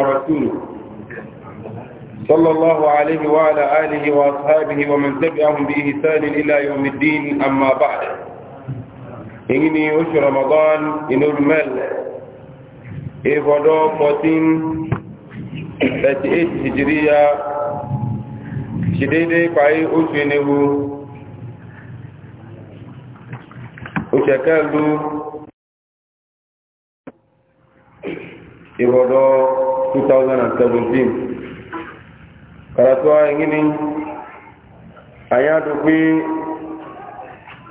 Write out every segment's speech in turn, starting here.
ورسوله صلى الله عليه وعلى آله وأصحابه ومن تبعهم بإحسان إلى يوم الدين أما بعد إني وش رمضان إن المال إفضو فوتين 38 هجرية شديد فأي أشينه أشكاله إفضو 2017 karatuwa yingine aya dupi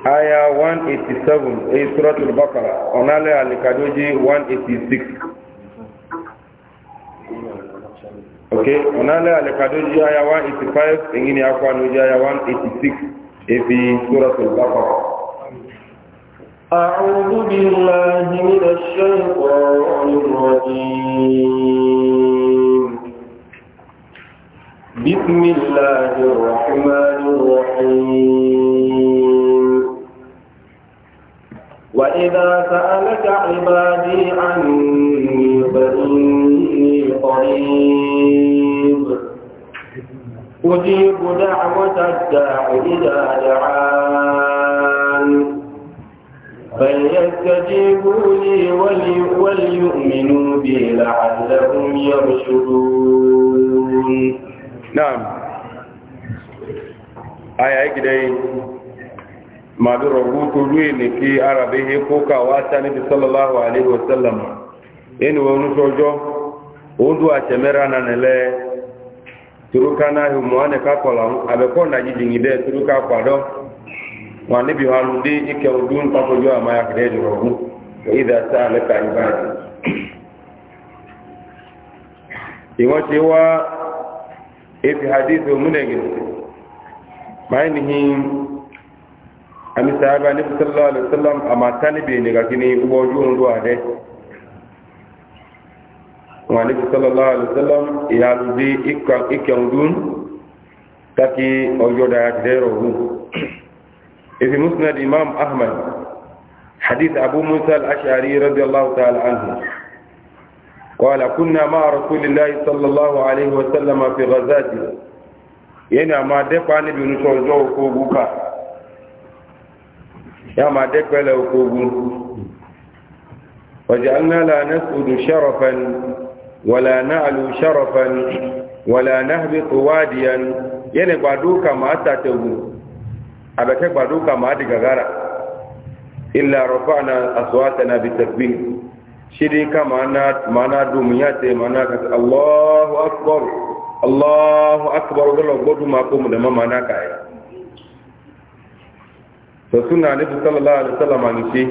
aya 187 ay suratul baqara onale alikadoji 186 okay onale alikadoji aya 185 yingine akwa noji aya 186 efi suratul baqara أعوذ بالله من الشيطان الرجيم بسم الله الرحمن الرحيم وإذا سألك عبادي عني فإني قريب أجيب دعوة الداع إذا دعان فليستجيبوا لي وليؤمنوا بي لعلهم يرشدون نعم آية كده ما درغو تلوين في عربه فوق واساني صلى الله عليه وسلم إن ونسوجو odu achemera na nele turuka na humu ane kakola abekona jijingi de turuka kwado wa nabi wa nu de ike odun pa ko jo amaya kede jo rogu wa idha sa'alaka ibadi iwa ti wa e fi hadithu munegi bayni hin ami sahaba nabi sallallahu alaihi wasallam ama tanibi ne ga kini ubo ju ndu ade wa nabi sallallahu alaihi wasallam ya lu de ikka ikka taki ojo da kede rogu في مسند الإمام أحمد حديث أبو موسى الأشعري رضي الله تعالى عنه قال كنا مع رسول الله صلى الله عليه وسلم في غزاته ينا ما دفع نبي نشوجو كوبوكا يا ما دفع له كوبو وجعلنا لا نسود شرفا ولا نعلو شرفا ولا نهبط واديا ينا بعدوك ما أتتبوه abeke gbaduka maadi gagara illa rafa'na aswatana bitasbih shirika mana mana dumiyate mana ka Allahu akbar Allahu akbar wala godu ma ko mun ma mana kai to sunna nabi sallallahu alaihi wasallam an shi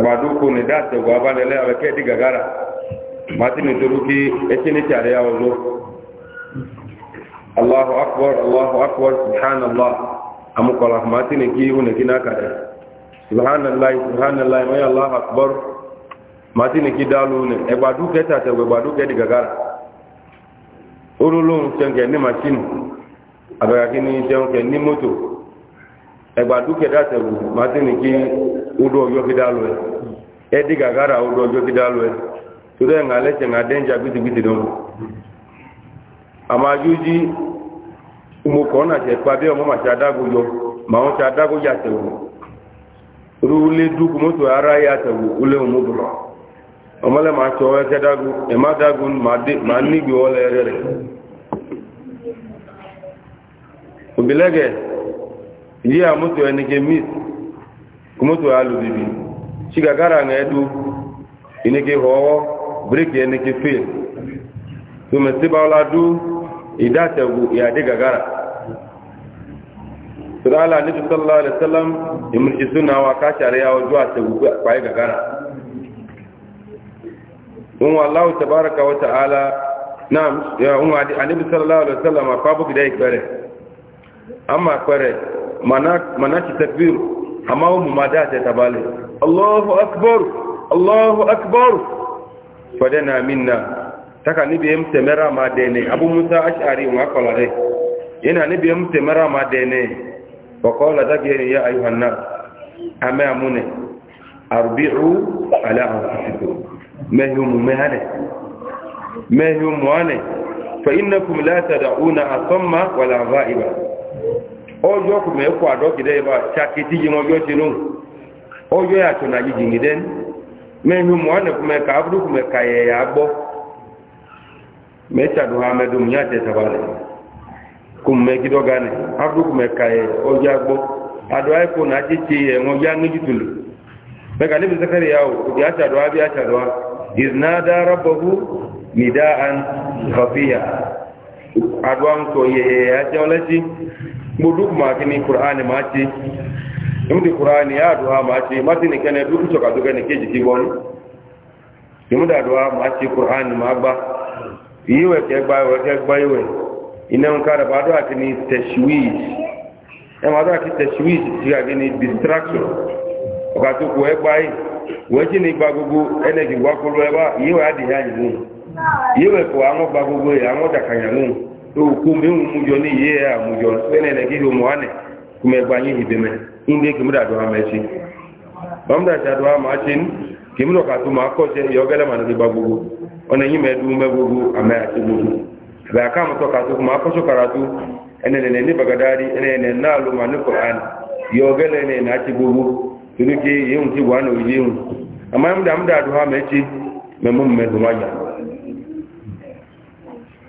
gbaduko ne da te gwa bale le abeke di gagara mati ni turuki etini tare ya wazo Allahu akbar Allahu akbar subhanallah amukola kumati ne ki une kina kare subhanallah subhanallah may allah akbar mati ne ki dalu ne e gbadu keta te gbadu ke digagara orulun tenge ni machine abara kini tenge ni moto e gbadu ke da te mati ne ki udo yo ki dalu e e digagara udo yo ki dalu e to de ngale tenge danger biti biti don ama juji mo kọ́ náà ṣe pa bí ọmọ màá ṣe adágo yọ màá wọn ṣe adágo yà tẹ̀wò rúlé dúkù mọ́tò ara yà tẹ̀wò ulé òun bùrọ̀ ọmọlẹ́ màá ṣọ ẹ̀kẹ́ dágo ẹ̀má dágo màá nígbì ọlẹ́ rẹ̀ rẹ̀ òbílẹ́gẹ̀ yí àmọ́tò mít alùbìbì ń ẹ̀dú bíríkì fèl tòmẹ̀síbáwọ́lá dú sura ala nabi sallallahu alaihi wasallam imul sunna wa ka share ya wajwa ta kwaye gagara in wallahu tabaraka wa ta'ala na'am ya umma di annabi sallallahu alaihi wasallam fa bu gidai kware amma kware mana mana ki takbir amma mu mada ta tabale Allahu akbar Allahu akbar fadana minna taka ni biyam temera ma dene abu musa ash'ari wa qala dai yana ni biyam temera ma dene فقال ذاك يا أيها الناس أما من أربعوا على أنفسكم ما هم مهنة ما هم مهنة فإنكم لا تدعون أصم ولا غائبا ọjọ́ kò mẹ́ kó àdọ́kìdẹ́ ibá ṣàkìtì yìí ọjọ́ kumɛgidɔ gane adu kumɛkayɛ ɔdza gbɔ adu ayi ko na tsetse yɛ ŋɔ ya ŋɛdzutulu mɛka ne bi sɛkɛri ya o odi atsa do abi atsa do a izina da rabɔbu mi da an kɔfiya adu aŋutɔ yɛyɛ atsa ɔlɛ tsi kpodu kuma kini kur'ani ma tsi emudi kur'ani ya adu ha ma tsi mati ni kɛnɛ du kutsɔ ka do kɛnɛ kedzi ti bɔli emudi adu ha ma tsi kur'ani ma gba yiwɛ kɛ gba yiwɛ kɛ gba yiwɛ. Ina ń kára bá dọ́wà kí ni tẹ̀síwìs ẹwà dọ́wà kí tẹ̀síwìs ti àgé ni distraction ọ̀gá tó kù ẹgbà yìí wọ́n jí ní gba gbogbo ẹnẹ́gì wá kúrò ẹwà yíwẹ̀ adìyà yìí mú yíwẹ̀ kò àwọn gba gbogbo yìí àwọn dàkàyà mú tó kú mẹ́wù mújọ ní yíyẹ àmújọ fẹ́lẹ̀ ẹnẹ́gì ló mọ̀ ánẹ̀ kú mẹ́gbà yín ìbẹ̀mẹ̀ ndé kìmúdàdọ́ àmẹ́sí bàmúdàdọ́ àmẹ́sí kìmúdàkàtúmọ̀ akọ́ṣẹ́ yọgẹ́lẹ́mà ní gbogbo ọ̀nà yìí mẹ́ẹ̀dún mẹ́ gbogbo àmẹ́ àti gbogbo ba ka mu to kasu kuma ko so karatu ene ne ne bagadari ene ne na lu ma ni qur'an yo gele ne na ti gugu tunuke yun ti wano yun amma mu da mu da duha me ci me mun me duma ya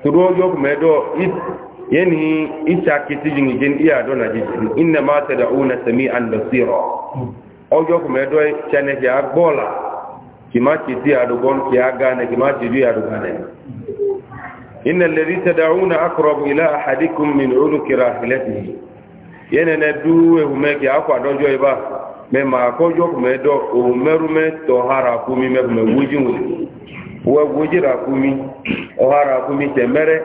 to do yo me do it yani isa kiti jin jin iya do na ji inna ma tad'una sami'an basira o yo me do chane ya bola ki ma kiti adu gon ki aga ne ki ma ti du gane إن الذي تدعون أقرب إلى أحدكم من عنق راحلته ينن دوه مك أكو أدوجو إبا مما أكوجو مدو أمرم تهارا كومي مم وجين ووجرا كومي أهارا كومي تمرة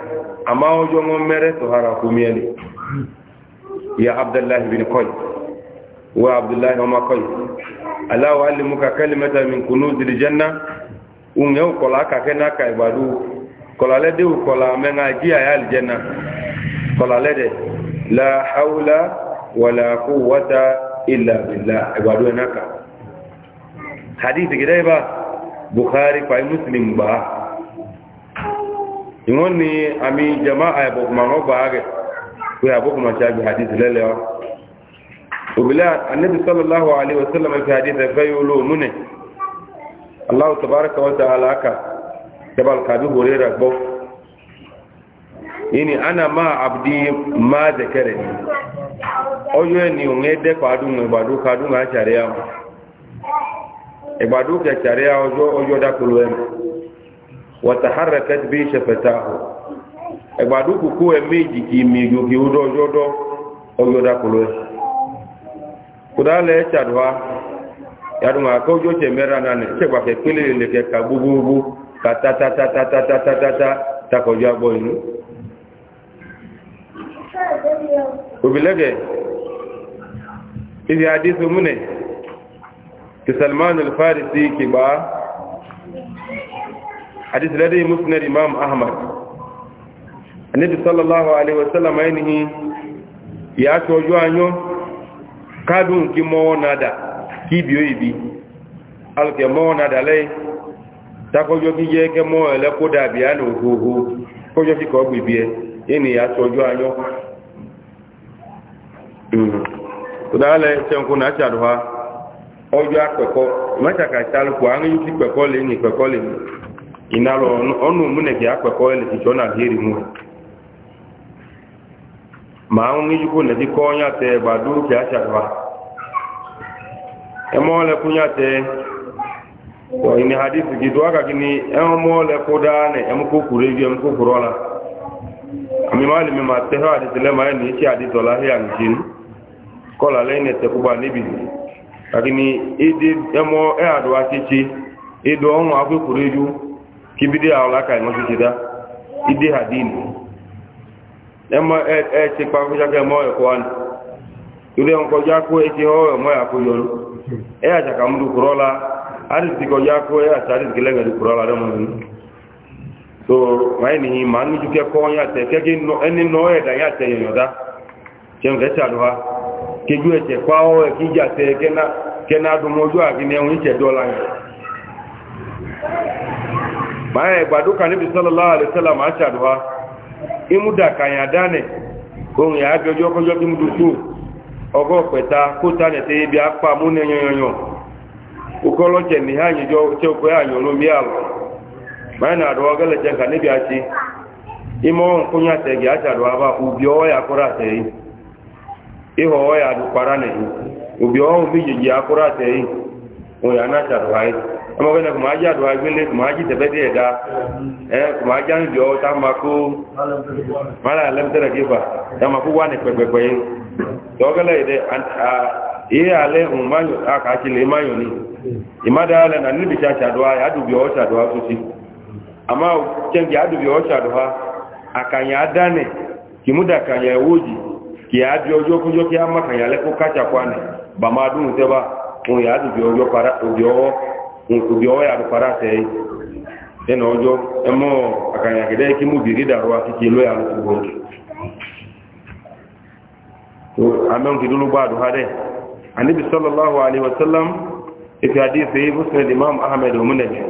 أما أوجو ممرة تهارا كومي لي يا عبد الله بن قيس وعبد الله وما قيس ألا أعلمك كلمة من كنوز الجنة ونيو قلاك كنا كعبادو kɔlalɛ de o kɔla mɛ ŋa di a y'ale jɛ na kɔlalɛ de la hawla wala ko wata illa bila ibadu yɛ n'a kan hadisi gɛrɛ ba bukhari fayi muslim ba ìwọ́n ni àmì jama àìbọ̀kùnmá wọn bá rẹ̀ pé àbọ̀kùnmá ṣe àgbẹ̀ hadisi lẹ́lẹ́ ọ́ òbílẹ̀ anabi sallallahu alayhi wa ẹ̀fẹ́ yóò lóòmù ni aláwọ̀ tabaraka jabal kabi horera gbɔ yini ana ma abdi ma zekere Oyo ni ŋun ɛdɛ kɔ adu ŋun igbadu kɔ adu ŋun atsaria o igbadu kɛ tsaria ɔyɔ ɔyɔ dakolo yɛ wɔta hara kɛtɛ bi sɛfɛta o igbadu kuku yɛ meji ki mi yogi o dɔ ɔyɔ dɔ ɔyɔ dakolo yɛ kuda lɛ ɛtsa do wa yadu ŋun akɔ ɔyɔ tsɛ mɛra nane tsɛ gba kɛ kpele lɛ kɛ ka gbogbogbo katatatatatatata takọjú agbọ́ inú òbílẹ́gẹ̀ ibi àdísù múnẹ̀ ti salman al-farisi kìgbà àdísù lẹ́dẹ̀ musnad imam ahmad annabi sallallahu alaihi wasallam ainihi ya ṣojú anyọ́ kádùn kí mọ́wọ́ nada kí bí ó ibi alùkẹ̀ mọ́wọ́ nada lẹ́yìn takọjọ́ kí jẹ́ kẹ́ mọ́ ẹlẹ́kó dàbí àná òhòhò kọjọ́ kíkọ́ gbìbí ẹ ẹni àtọjọ́ ayọ́ hmm. ọ̀dàlẹ̀ ṣẹ̀nkú náà ṣàdùwá ọjọ́ àpẹ̀kọ́ mẹ́tàkà ìtàlùkù àárín yìí pẹ̀kọ́ lè ní wọ ìní hadisi gidi wá kàkí ni ẹ̀wọ̀n mọ́ lẹ́kọ́ dáa ní ẹmúkó kúrò igi ẹmúkó kúrò ọ̀la àmì máa lè mímọ̀ tẹ́fẹ́ hadisi lẹ́mọ̀ ẹ̀ ní iṣẹ́ hadisi ọ̀la hí àǹjì ní kọ́là lẹ́yìn ẹ̀tẹ́ kúgbà níbi kàkí ni èdè ẹmọ́ ẹ̀ àdùwà títí èdè ọ̀hún akó kúrò igi kíbídé àwọlá ka ìmọ̀ títí dá ìdè hadini ẹmọ ẹ ẹ ti pa kúṣàkẹ́ ẹmọ ẹ̀kọ́ wa ni ìrẹ́ nǹkan jákó ẹ ti họ́ arizikɔ yakɔ ya ta arizikɛ lɛ ŋa di kura la dɛ mo ni so maa yi ni maa nu dukɛ kɔ ya tɛ kɛkɛ nɔ ɛni nɔ yɛ da ya tɛ yɔyɔ da tiɛn kɛ tsa do wa kedu yɛ tɛ kpa wɔ yɛ k'i dza tɛ kɛna kɛna do mo do aki ni ɛwɔn tsɛ dɔ la yɛ maa yɛ gbado kan ebi sɔlɔ la ale sɛlɛ maa tsa do ha. imu da kanya da nɛ ohun yɛ abiɔjɔ kɔjɔ kimu do so ɔgɔ pɛta kó ta nɛ te bi akpa mu nɛ nyɔnyɔnyɔ ukoloje ni hanyi jo choko yanyo lumi yalo maana adwagala jenga nibi achi imo kunya tege acha adwaba ubyo ya kurate iho ya dukwarane ubyo umiji ya kurate oya na cha adwai ama wena kumaji adwai wile kumaji tebedi eda eh kumaji ndio tamaku mala lemtera kifa tamaku wane kwekwe kwei dogala ide a iye ale umanyo akachile imanyo ni imada ala na nibi cha cha doa ya dubi o cha doa tuti ama kengi ya dubi o cha doa akanya adane kimuda kanya wuji ki abi ojo kujo ki ama kanya le ko kacha kwane ba ma dun te ba o ya dubi ojo para ojo ojo ya do para te eno ojo emo akanya gede ki mu biri darwa ki ki ya lo ko to amen ki dulu ba do hade anibi sallallahu alaihi wasallam في حديث مسند الإمام أحمد ومنجه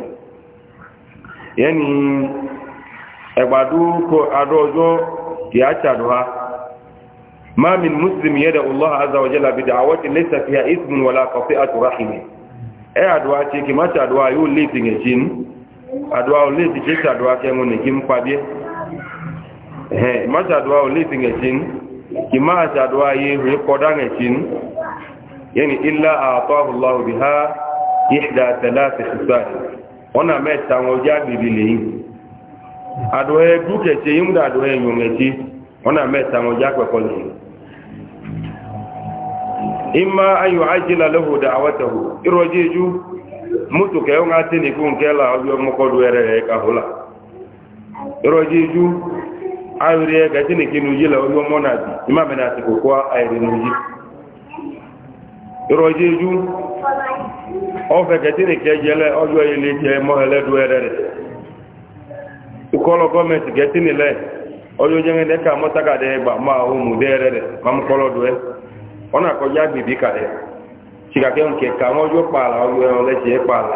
يعني أبادو أدوجو يأتشادها ما من مسلم يدعو الله عز وجل بدعوة ليس فيها إثم ولا قطيعة رحمه أي أدعوة كي ما تدعوة يولي تنجين أدعوة يولي تجيش أدعوة كي نجيم قبيه ما تدعوة يولي تنجين كي ما تدعوة يهي قدان تنجين yani illa a'tahu Allah biha ihda thalath hisab ona meta ngoja bibili hii duke che yimda adoe nyongeti ona meta ngoja kwa kwa imma an yu'ajjila lahu da'watahu irojiju mutu ke yonga tini kun kela ojo moko duere ka hula irojiju ayure ga tini kinu jila ojo monadi imamena sikukwa ayre nuji ìrọ̀jẹ́ ijú ọ̀fẹ̀kẹ̀ tí ní kẹjẹ lẹ ọjọ́ ilé jẹ mọ́ẹ̀lẹ́dù ẹ̀rẹ́ rẹ̀ ìkọlọ gọ́ọ̀mẹ̀ntì kẹtí nílẹ̀ ọjọ́ jẹ́ ẹ̀dẹ́ka mọ́tàkàdẹ́ ẹgbà máa ohun dẹ́ ẹ̀rẹ́ rẹ̀ mamukọlọ́dù ẹ̀ àkọjá ń kẹka wọn ọjọ́ pààlà ọjọ́ ọlẹ́sẹ̀ pààlà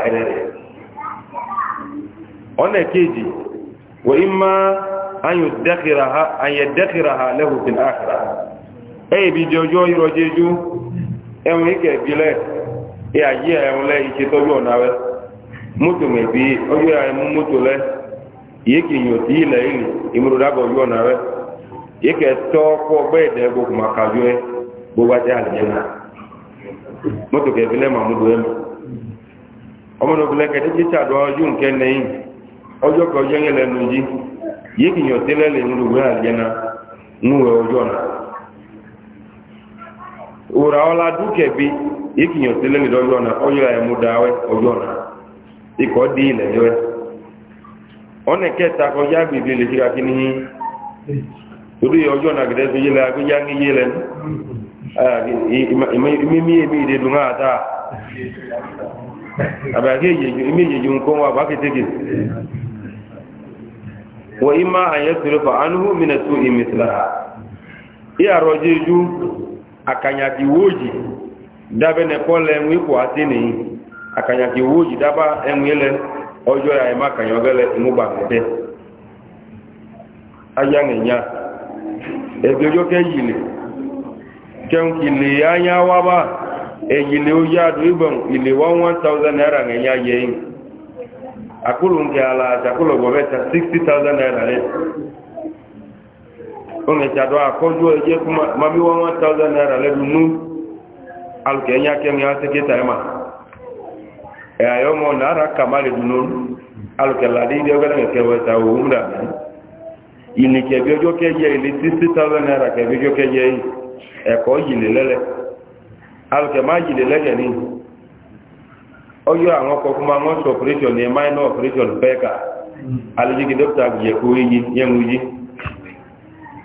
kejì ha ẹ̀wọ̀n ike ìbílẹ̀ ẹ̀ àyè ẹ̀wọ̀n lẹ́ ìṣètọ́jú ọ̀nà rẹ̀ mọ́tò mẹ̀bí ọjọ́ ẹ̀mú mọ́tò lẹ́ yéèkì yòó tí ilẹ̀ ìlì ìmúdòdàgbọ̀ ọjọ́ ọ̀nà rẹ̀ yéèkì ẹ̀tọ́ kọ́ ọgbẹ́ ìdẹ́ gbogbo màkàjọ ẹ gbogbo ajá àlẹ́ náà mọ́tò kẹ̀bílẹ̀ màmúdò yìí tí náà ura ọla dúkẹ̀ bí ìkìyàn sí lẹ́nu ìdọ́jọ́ ọ̀nà ọjọ́ ẹ̀mú dáwẹ́ ọjọ́ ọ̀nà ikọ̀ dí ilẹ̀ yọ́ẹ́ ọ̀nà kẹta kọjá gbèbí lè ṣe kakí ní torí ọjọ́ ọ̀nà gẹ̀dẹ́ tó yẹlẹ̀ agbẹ́yá ní yẹlẹ̀ mímí èmi ìdè dùn náà ta àbàkẹ́ èmi ìyẹ̀jù nǹkan wà bá kétékè wọ́n ìmá àyẹ̀sọ̀rọ̀ fà ánúhùn mí akanyaki woji dabe ne kɔlɛ ŋu ikɔ ati ni akanyaki woji daba eŋu lɛ ɔdzɔ ya ema akanyɔ gɛ lɛ ŋu gba tɛ aya ŋa nya edodzo kɛ yili kɛŋu kili anya waba eyili oya do ibɛn ili wa one thousand naira ŋa nya yɛ yi akulu ŋkɛ ala akulu gbɔ bɛ ta sixty thousand naira lɛ. onge chado akoju eje kuma mami wa 1000 naira le dunu al kenya kenya seketa ema e ayo mo nara kamale dunu al keladi de ogala ke weta umra ili ke biojo ke ye ili 60000 naira ke biojo ke ye e ko yile lele al ke ma yile lele ni oyo awon ko kuma mo operation ni minor operation beka alijigi doctor je ko yi yengu yi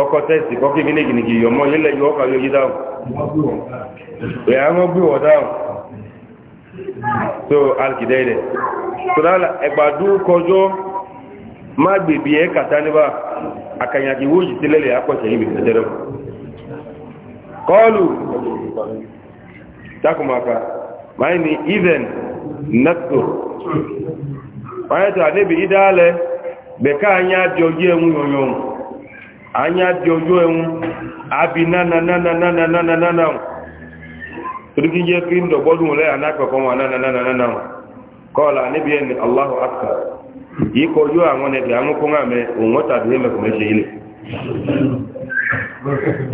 ọkọ̀ tẹ́sì kọ́ kí mílíkì ní kí yọ mọ́ ilẹ̀ yọ ọkà yóò yí dáhùn ẹ̀yà wọ́n gbé wọ̀ dáhùn tó alkìdẹ́ẹ̀dẹ̀ tó dáhùn ẹgbàdú kọjọ́ má gbèbí ẹ kàtà níbà àkànyàkì wójì sílẹ̀lẹ̀ àpọ̀ṣẹ̀ ibi even nato máa ní tó àdébì ìdálẹ̀ bẹ̀ká anya dị ojú ẹ̀wọ̀n abi na na na na nana na na na ń dọ̀gbọ́dún wọlé anákọ̀ọ́kọ́ wọn nana nana na kọ́ọ̀lá níbi ẹni aláhù akpa na kọ yóò àwọn ẹ̀dẹ̀ amúkún àmẹ òun wọ́n tàbí ẹ̀mẹ̀ kùnmẹ́ ṣe na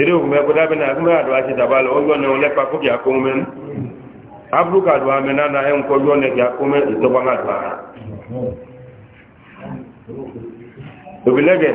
eré òkùnmẹ́ kó dábẹ́ náà àdó ọjọ́ kó àdó ń òbílẹ́gẹ̀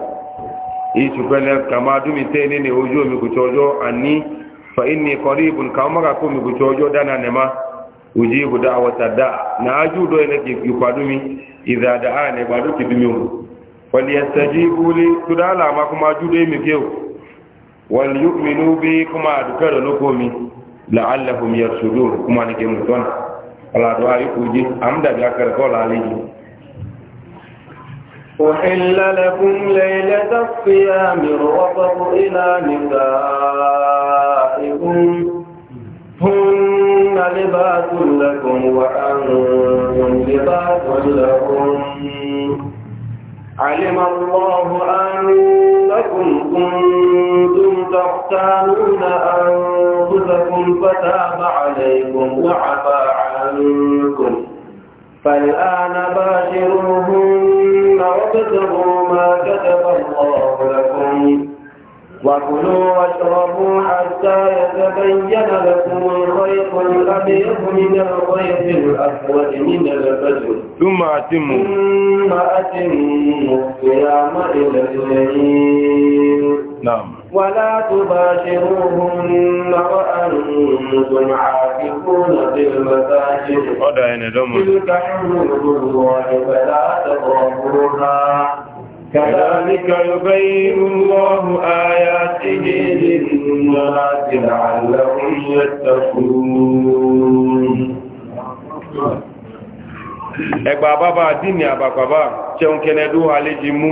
ìṣùgbẹ́lẹ̀ kàmá dúmi tẹ́ ní ní ojú omi kùtù ọjọ́ àní fa inni kọ̀ríbùn kàmọ́ra kó mi kùtù ọjọ́ dáná nẹ̀má ojú ibùdó àwọ̀tàdá náájú dọ́ ilẹ̀ ìpàdúmi ìdàdà àní ìpàdú ti bí mi hù wọ́lì ẹ̀sẹ̀ jí ibúlé tó dáàlà àmá kó máa júdó èmi kéwù أحل لكم ليلة الصيام الرفض إلى نسائكم هن لباس لكم وأنتم لباس لهم علم الله أنكم كنتم تختارون أنفسكم فتاب عليكم وعفى عنكم فالآن باشروهن وابتغوا ما كتب الله لكم وكلوا واشربوا حتى يتبين لكم الخيط الأبيض من الخيط الأسود من الفجر ثم أتموا ثم أتموا الصيام إلى الليل نعم ولا تباشروهن وأنتم عاكفون في المساجد تلك حدود الله فلا تقربوها كذلك يبين الله آياته للناس لعلهم يتقون ẹgbà bàbá dínì àbàpàbà ṣẹun kẹnẹdú àlejì mú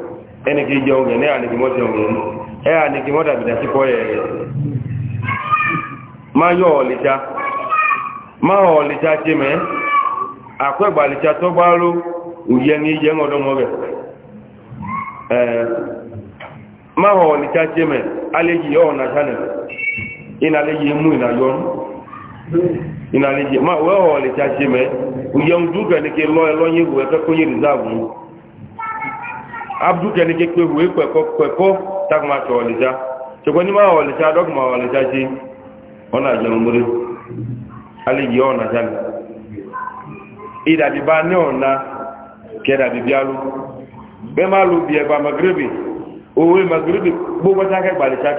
ẹni kí jẹun gẹ̀ ní àníkìmọ́ jẹun gẹ̀ ẹ àníkìmọ́ dàbìdà sí kọ́ ẹ̀ ma yọ ọ̀lẹ́já ma ọ̀lẹ́já jẹ mẹ́ àkọ́ ìgbàlẹ́já tó bá ló òye ní yẹ ọdọ́mọ rẹ̀ ma ọ̀lẹ́já jẹ mẹ́ alẹ́jì yọ ọ̀nà sánẹ̀ ìnàlẹ́jì ma ọ̀lẹ́já jẹ mẹ́ òye ń dúkẹ́ ní kí lọ́ ẹ lọ́yìn ìwẹ̀ abdu kẹni kékeré wòye pẹ̀kọ́ pẹ̀kọ́ takuma tọ ọ̀lẹ́sà tẹ̀kọ́ ní ma ọ̀lẹ́sà dọ́kùnmá ọ̀lẹ́sà ṣe ọ̀nà àjẹun múre alẹ́ yìí ọ̀nà sálẹ̀ ìdàbí bá ní ọ̀nà kẹ́dàbí bí alú bẹ́ẹ̀ má lu bí ẹ̀bà magrebi owó magrebi gbogbo sákẹ́ gbàlẹ́sà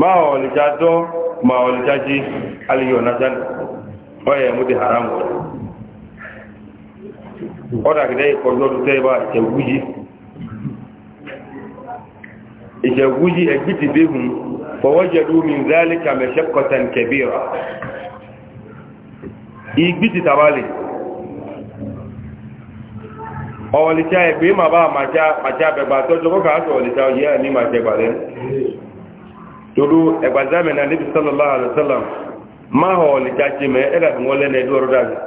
ma ọ̀lẹ́sà dọ́ ma ọ̀lẹ́sà ṣe alẹ́ yìí ọ̀nà sálẹ̀ ọ̀yẹ̀ mú ti haram wọ̀ ọ̀dàgídẹ́ ìkọjọ́dún tẹ́ẹ̀bá ìṣẹ̀gújí ìṣẹ̀gújí ẹgbìtì bíhùn fọwọ́jẹ̀dú min zálíkà mẹ́ṣẹ́kọ̀tàn kẹbíra ìgbìtì tàbálì ọ̀ọ̀lìṣà ẹgbẹ́ ma bá màjá bẹ̀gbà tọ́jọ́ kọ́kà á sọ ọ̀ọ̀lìṣà yẹ́ ní màjẹ́gbà lẹ́nu toru ẹgbàzámẹ̀ náà níbi sọ́lọ́lá àlùsọ́lá máa ọ̀ọ̀lìṣà jẹ́ mẹ́ ẹ̀dàbí wọn lẹ́nu ẹ̀dú ọ̀rọ̀dàgbà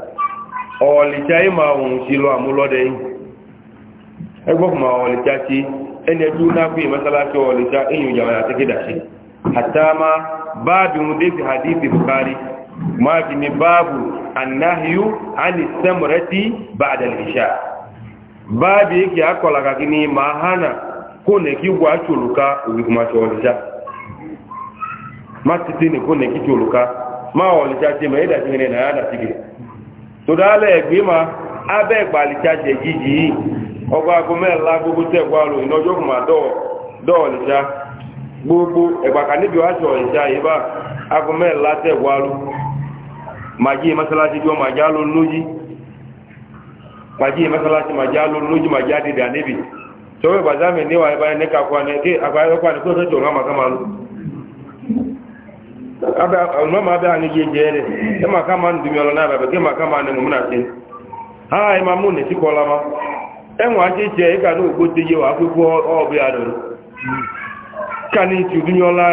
ọ̀ọ̀lìta yìí máa wùn sí lọ àmúlọ́dẹ yìí ẹgbọ́kùnmà ọ̀ọ̀lìta tí ẹni ẹjú náàkú ìmọ́sálásí ọ̀ọ̀lìta èyàn ìjàmà àtẹ́kẹ́dàṣe àtàmà báàbì mú hadithi bukari máa fi ní báàbù annahiyu àni sẹ́mọ̀rẹ́tì bàdàlìṣà báàbì yìí akọ̀làkàkì ni máa hánà kó nẹ̀ kí wà ṣòlùká òwìkùnmáṣọ ọ̀ọ̀lìta má ti tẹ́ ní kó nẹ̀ kí tòdálẹ̀ ẹ̀gbé ma abẹ́ ìgbàlìta jẹ̀jì yìí ọgbà agomẹ́lá gbogbo tẹ́gbà lò ìnájọ́ kùmà dọ́ọ̀lìta gbogbo ẹ̀gbàkà níbi wáṣọ ìta ìbá agomẹ́lá tẹ́gbà lò màjí mẹ́sàlájí jọ màjá ló lójí màjí mẹ́sàlájí màjá ló lójí màjá dìdà níbi tọ́wọ́ ìbàzámi níwà ìbáyẹ̀ ní kakọ́ ma bịa anyị gị jee dị ịma ka ma ndụ mịọrọ na abịa gị ma ma ndị mụmụ na sị ha mụ na esikwọla ma enwe aja iche ịka na ogbote yewa akwụkwọ ọbụ ya ka na iti ụdị mịọla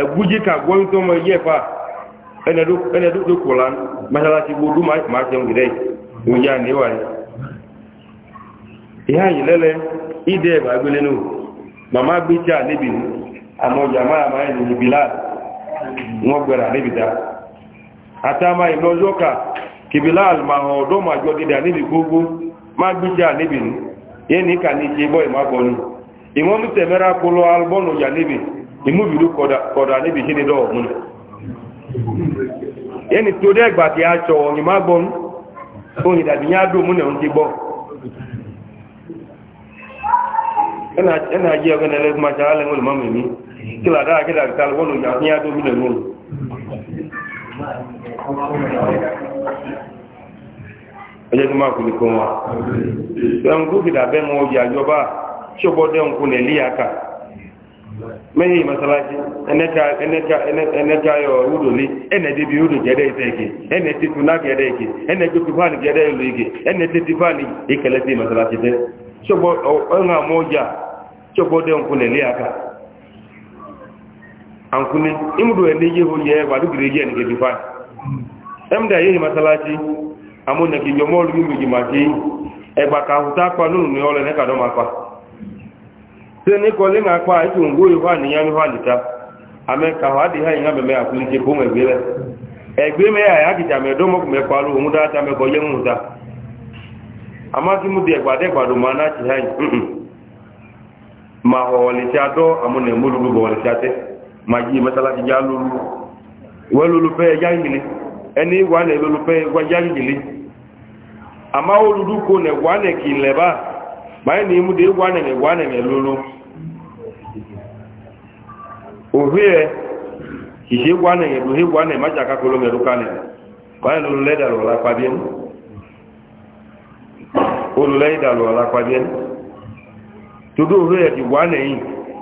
egwuji e, ka gwọ ntọ e e ma ihe fa enedokwụla masalachi gbodu ma asị ngide onye a na-ewa ya ihe anyị lele ide ebe agụlenu mama a nebi amụja ma ama ya na ngogwera ni bida ata ma ilojoka kibilal ma odo ma jodi da ni bigugu ma bija ni bin yeni ka ni jibo e magoni imo mi temera kulo albono ya ni bin imu bidu koda koda ni bihini do mun yeni tode gbati acho ni magbon oni da biya do mun on ti bo ena ena je ogene le ma sha ala ngol mamemi kila da ake da tal wonu ya ni ni ko tan be mo ya joba chobo de nku ne li aka mehi masalaji eneka eneka eneka yo udoli ene de bi udo jede iteke ene ti tuna gede ene ike ene ti ti de o nga de ne aka ankuni imudu ene yeho ye wadu gireje ni gedifa emda yehi masalaji amonya ki yomo lu mi ji e gba ka huta pa nunu ni ole ne ka do ma pa se ni ko le ma itu ngo yo ni yan wa ame ka wa di ha yin ame me akuli je ko me egbe me ya ki ja me do mo me pa lu mu da ta me ko ye mu da ama ki de gba do ma ti ha ma ho le ti ado amone mu gbo le ti ate maji masalati ja lulu we lulu pe ja ngili eni wa ne lulu pe wa ja ngili ama oludu ko ne wa ne ki le ba ma ni mu de wa ne ne wa ne ne lulu ohwe ki se wa ne do he wa ne ma ja ka lulu le da lo la pa bien olu le da lo la pa bien todo ohwe ti wa ne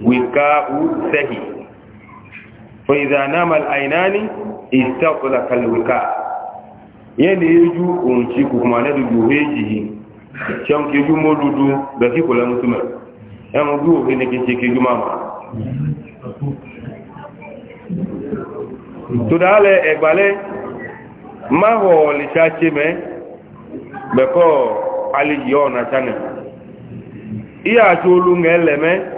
wika'u sahi fa idza nama al-aynani istaqla kal wika yene yuju unchi ku kuma na duju heji cham ke ju modudu da ki kula mutuma am du ke ne ke ke ju mama tudale egbale ma ho li chache me beko ali yona chane iya ju lu ngele me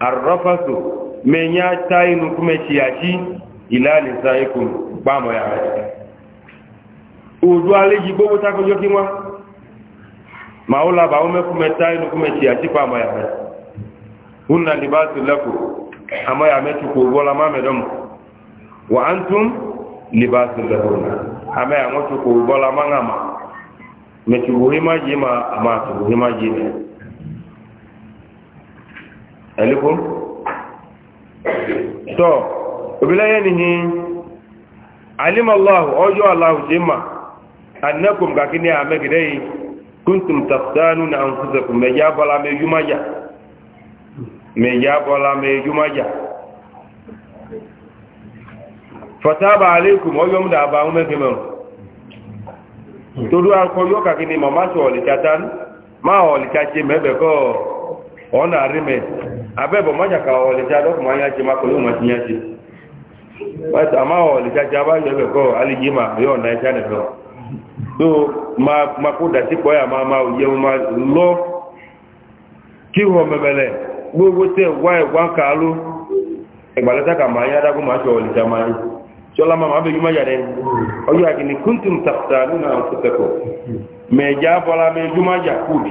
arrafasu me nya tainu kuma ciyaci ila lisaikum ba mo ya ati odu aleji gbogbo ta ko yoki wa ma ola ba o me kuma tainu kuma ciyaci ba mo ya ati hunna libasu lakum ama ya metu ko bola ma me dom wa antum libasu lakum ama ya mo ko bola ma ngama metu buhima jima ama tu buhima jima ẹ̀lẹ́kùn tọ́ òbílẹ́yẹ́ nìyí alimallahu ọjọ́ aláhù ṣe ma annakum gàkí ní àmẹ́gidẹ́ yìí kúntùm tàfdánù na àwọn fúsẹ̀kù mẹ́jábọ́lá mẹ́júmájà mẹ́jábọ́lá mẹ́júmájà fataba ọjọ́ mú dàbà àwọn mẹ́gẹ̀mẹ́ ma akọ yóò kàkí ní màmá sọ ọ̀lìkátán máa ọ na ọ̀nà àrímẹ́ abẹ́bọ̀ májàkà ọ̀lẹ́já lọ́kùnmọ́ ayá jẹ máa pẹ̀lú ọmọ ìyá jẹ ya àmá ọ̀lẹ́já jẹ bá yọ ẹ̀kọ́ alíyé máa yọ ọ̀nà ìjá nẹ̀ lọ tó máa kó dà pọ̀ yà máa máa yẹ máa lọ kí mẹ́mẹ́lẹ̀ gbogbo kà máa yá dágún máa máa yẹ sọlá máa máa bẹ ọjọ́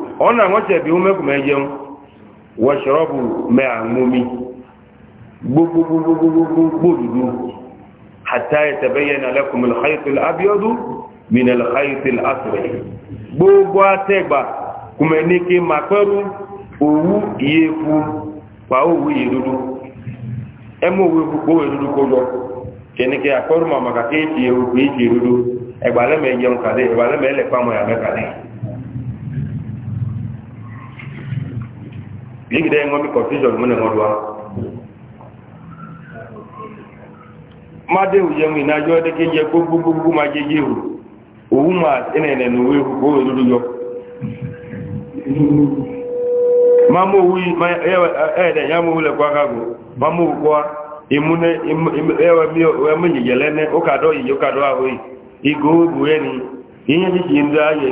ọ̀nà àwọn tẹ̀bí mẹ́kù mẹ́jẹun wọ́ṣọ́rọ́bù mẹ́ àmúmi gbogbogbogbogbòdùdú àtà ìtẹ̀bẹ́yẹn alẹ́kùnmọ̀lẹ̀ haitul abiodú minel haitul asre gbogbo atẹ́gbà kùmẹ̀ ní kí ma pẹ́rú owó iye fú pa owó iye dúdú ẹmú owó gbogbo iye dúdú kó lọ kẹ́nìkẹ́ àpẹ́rú màmàkà kéèkì ewu bíi gidẹ ŋọ́ mi confusion mi nà ŋọ́ do wa. má dé òye mu ìnájọ́ ẹ̀dẹ́gẹ́ yẹ gbogbogbò má yé yé o òwú mà ẹnẹ ẹnẹ nù wé o òwe dúdú yọ. má mú owó yìí má ẹ ẹ dẹ̀ yá mú owó lẹ̀ kó akágo má mú owó kó wa ìmú ní ẹ ẹ mi ẹ mi yẹ̀yẹ̀ lẹ́nẹ́ ó kà dọ́ yìí ó kà dọ́ àwọ̀ yìí ìgò ògùn ẹni ìyẹn ti kì í ń dá ayẹ̀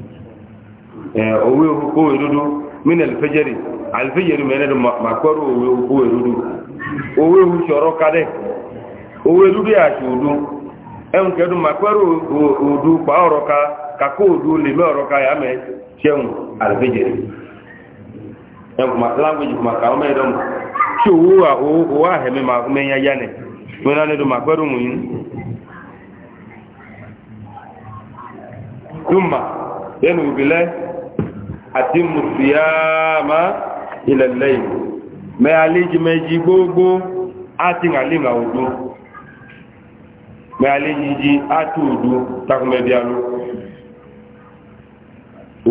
owe owe dudu min alfajri alfajri mena ma kwaro owe owe dudu owe hu shoro kade owe dudu ya shudu en kedu ma kwaro odu pa oroka ka odu le oroka ya me cheun alfajri ma language ma ka wa ma ya yane mena ne do ma kwaro mu yin ثم ينوي بالله atimu siyama ila al-layl me aliji meji gbogbo ati ngali ma odo me aliji ji ati odo takume bi alu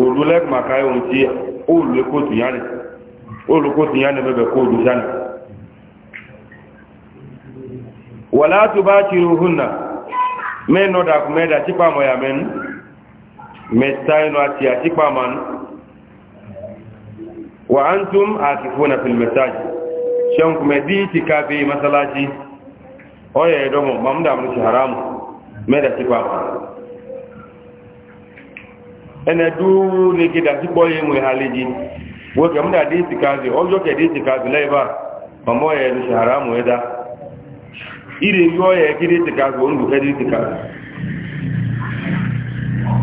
odo lek makai on ti olu ko ti yani olu ko ti yani bebe ko odo jani wala tubashiruhunna me no da kume da tipa moya men me style no ati ati pa manu wa antum akifuna fil masajid shan kuma di tikafi masalaci oye domo mamda mun haramu me da ti papa ene du ni gida ti boye mu haliji wo ke mun da di tikafi ojo ke di tikafi laiba mamo ye ni haramu eda ire yo ye gidi tikafi ondu ke di tikafi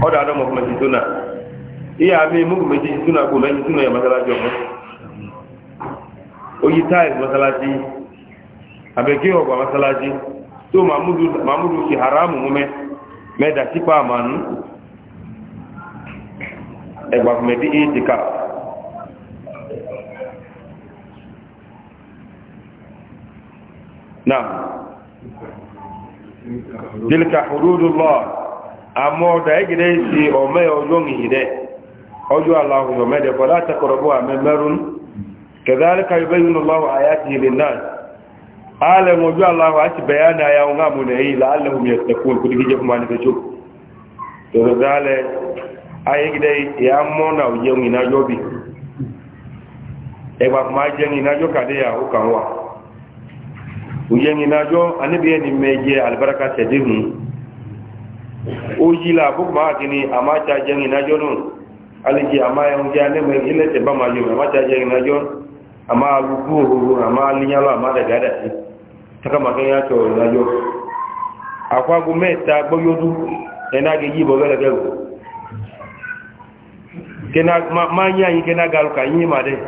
oda domo kuma iya mi mungu meji suna ko na suna ya masalaji ọmọ oyi tiles masalaji abege ọgba masalaji so mamudu mamudu ki haramu mume meda tipa manu ẹgba kuma di itika na tilka hududullah amma da ya gida si ome ojo ngihide ọjọ́ aláhùyọ̀ mẹ́dẹ̀kọ́ láti kọ̀rọ̀bọ́ àmẹ́mẹ́rún kẹzàríkà ìbẹ́yìn lọ́wọ́ àyàtì ilẹ̀ náà alẹ́mù ọjọ́ aláhùn àti bẹ̀yàn àyàwọn àmúnẹ̀ èyí láàlẹ́mù yẹ̀tẹ̀kún kúrò gíjẹ́ fún manifesto tọ̀rọ̀dálẹ̀ ayégidẹ́ ìyàmọ́nà òjẹun ìnájọ́ bí aliki ama yang anema ile te ba majo ma ta je na jo ama lugu huru ama linyalo ama da gada sih taka ma kenya to na jo akwa gu meta gboyodu ena ge yibo bele ge gu kena ma ma nya yi kena galu ka yi ma de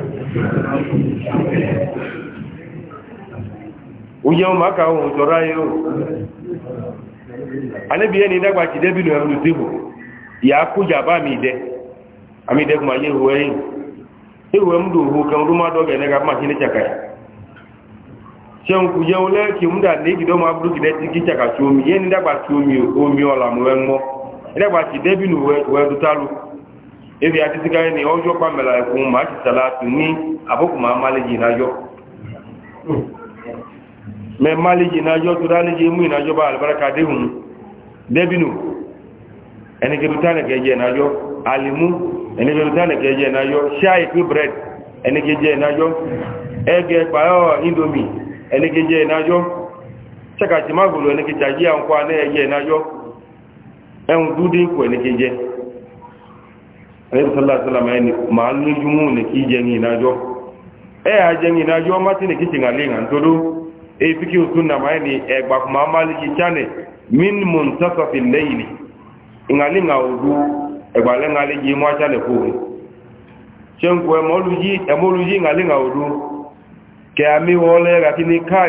uje ma ka o tora yo anabi eni dagba ti debilu e ya ku jaba mi de ami de kuma ye huwe yi ye du hu du ma do gene ga ma kini chaka chen ku ye ole ki mu da ne gido ma bru gide ti ki chaka chu mi ye da ba chu mi o mi ola mu we ba ti de bi nu we we du talu e bi ati ti ka pa mela ku ma ti ni ma ji na me mali ji na yo tu ji na yo ba albaraka de hu de bi nu ẹni jẹ́ lùtánì kẹjẹ náà yọ ṣáì pí bread ẹni kẹjẹ náà yọ ẹgẹ pàáyọ indomie ẹni kẹjẹ náà yọ ṣẹ́kàtí má gùn lọ ẹni kẹjẹ ayé àwọn kwan ẹyẹ náà yọ ẹun dúdín kù ẹni kẹjẹ ẹni sọlá sọlá máa ẹni máa ń lójú mú ní kí jẹ ní ìnájọ ẹ yà jẹ ní ẹgbàlẹ́ ń alẹ́ yìí mú aṣálẹ̀ fóòrè ṣe ń kò ẹmọ́lú yìí ìgbàlẹ́ ìgbà òdó kẹ àmìwọ́ lẹ́ra kí ní ma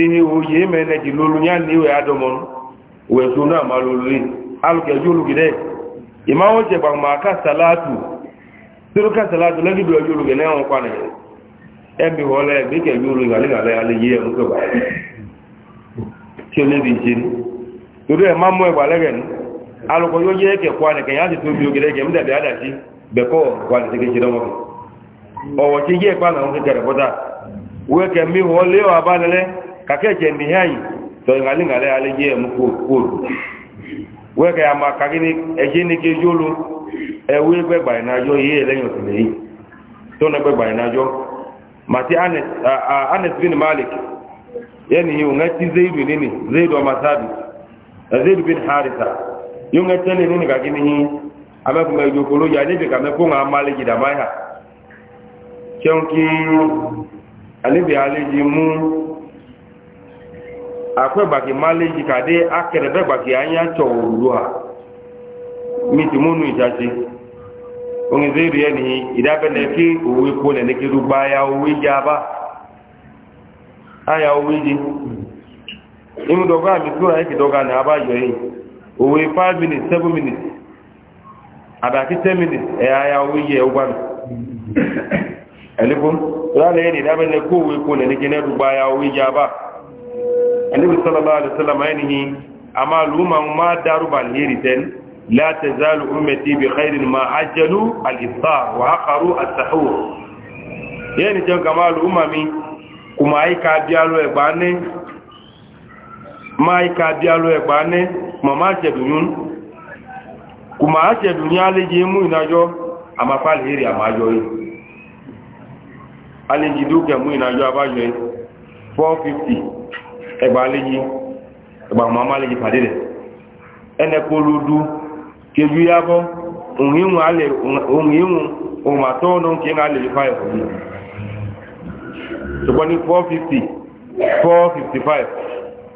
ihe oyè mẹ́nẹ̀jì lólu yá ní ìwẹ̀ adọmọnú wẹ̀ tó náà máa lólu rí alùkẹjú olùgẹ̀dẹ̀ ìmáwọ́ jẹ gbàgbà bi tíru kásàlátù lẹ́gbẹ̀ẹ́ alùkọ yóò jẹ́ ẹ̀kẹ̀ kwa nìkẹ̀ yá ti tó bí ogere ẹ̀kẹ̀ mídàbí àdàtí bẹ̀kọ́ wà ní ṣe kéṣe lọ́mọ́ ọ̀wọ̀ tí yẹ́ ẹ̀kọ́ àwọn kékeré pọ́tà wẹ́kẹ̀ mi họ́ léwà abánilẹ́ kàkẹ́ẹ̀kẹ́ ní hẹ́yì tọ́ ìhàlíhàlẹ́ alẹ́ jẹ́ ẹ̀mú kóòdù wẹ́kẹ̀ àmà kàkíní ẹ̀jẹ́ ní anes bin malik yẹ́nìí òun ẹ́ tí zaidu nínú zaidu ọmọ sáàbì zaidu bin harisa yóò ŋɛ tɛni nu nika kini yi ame kuma idokolo ya ne bika me ko ŋa ama le dzi dama ya tsɛn ki ale bi ale dzi mu akɔ gbaki ma le dzi ka de akɛrɛ bɛ gbaki anya tsɔ wòlu ha mi ti mu nu imu dɔgba mi tó ayi ke dɔgba ne aba òwe five minutes seven minutes àdàkí ten minutes ẹ̀yà ayá owó yẹ ọgbà mi ẹ̀lẹ́gbọ́n lálẹ́ ẹni ìdábẹ́lẹ́ kó òwe kó nẹ̀lẹ́gí nẹ́dùgbà ayá owó yẹ abá ẹ̀lẹ́gbọ́n sọ́lọ́lá àdìsọ́lámà ẹni yìí a máa lù máa ń máa dárúbà lérí tẹ́ni láti zálù ọmọdé bí kairin ma ajẹ́lú alìsá wà á karú àtàhùwà yẹ́ni jẹ́ kàmáàlù ọmọ mi kùmà ayíká bí alọ́ ẹ̀gbá ní maika dialu egba ne mama cheduyun kuma chedunya aliji mu inajo ama pali hiri amajo yi aliji duke mu inajo abajo yi 450 egba aliji egba mama aliji padire ene koludu keju yabo ohun ale ohun ihun ohun ato no nke nga le 5 450 455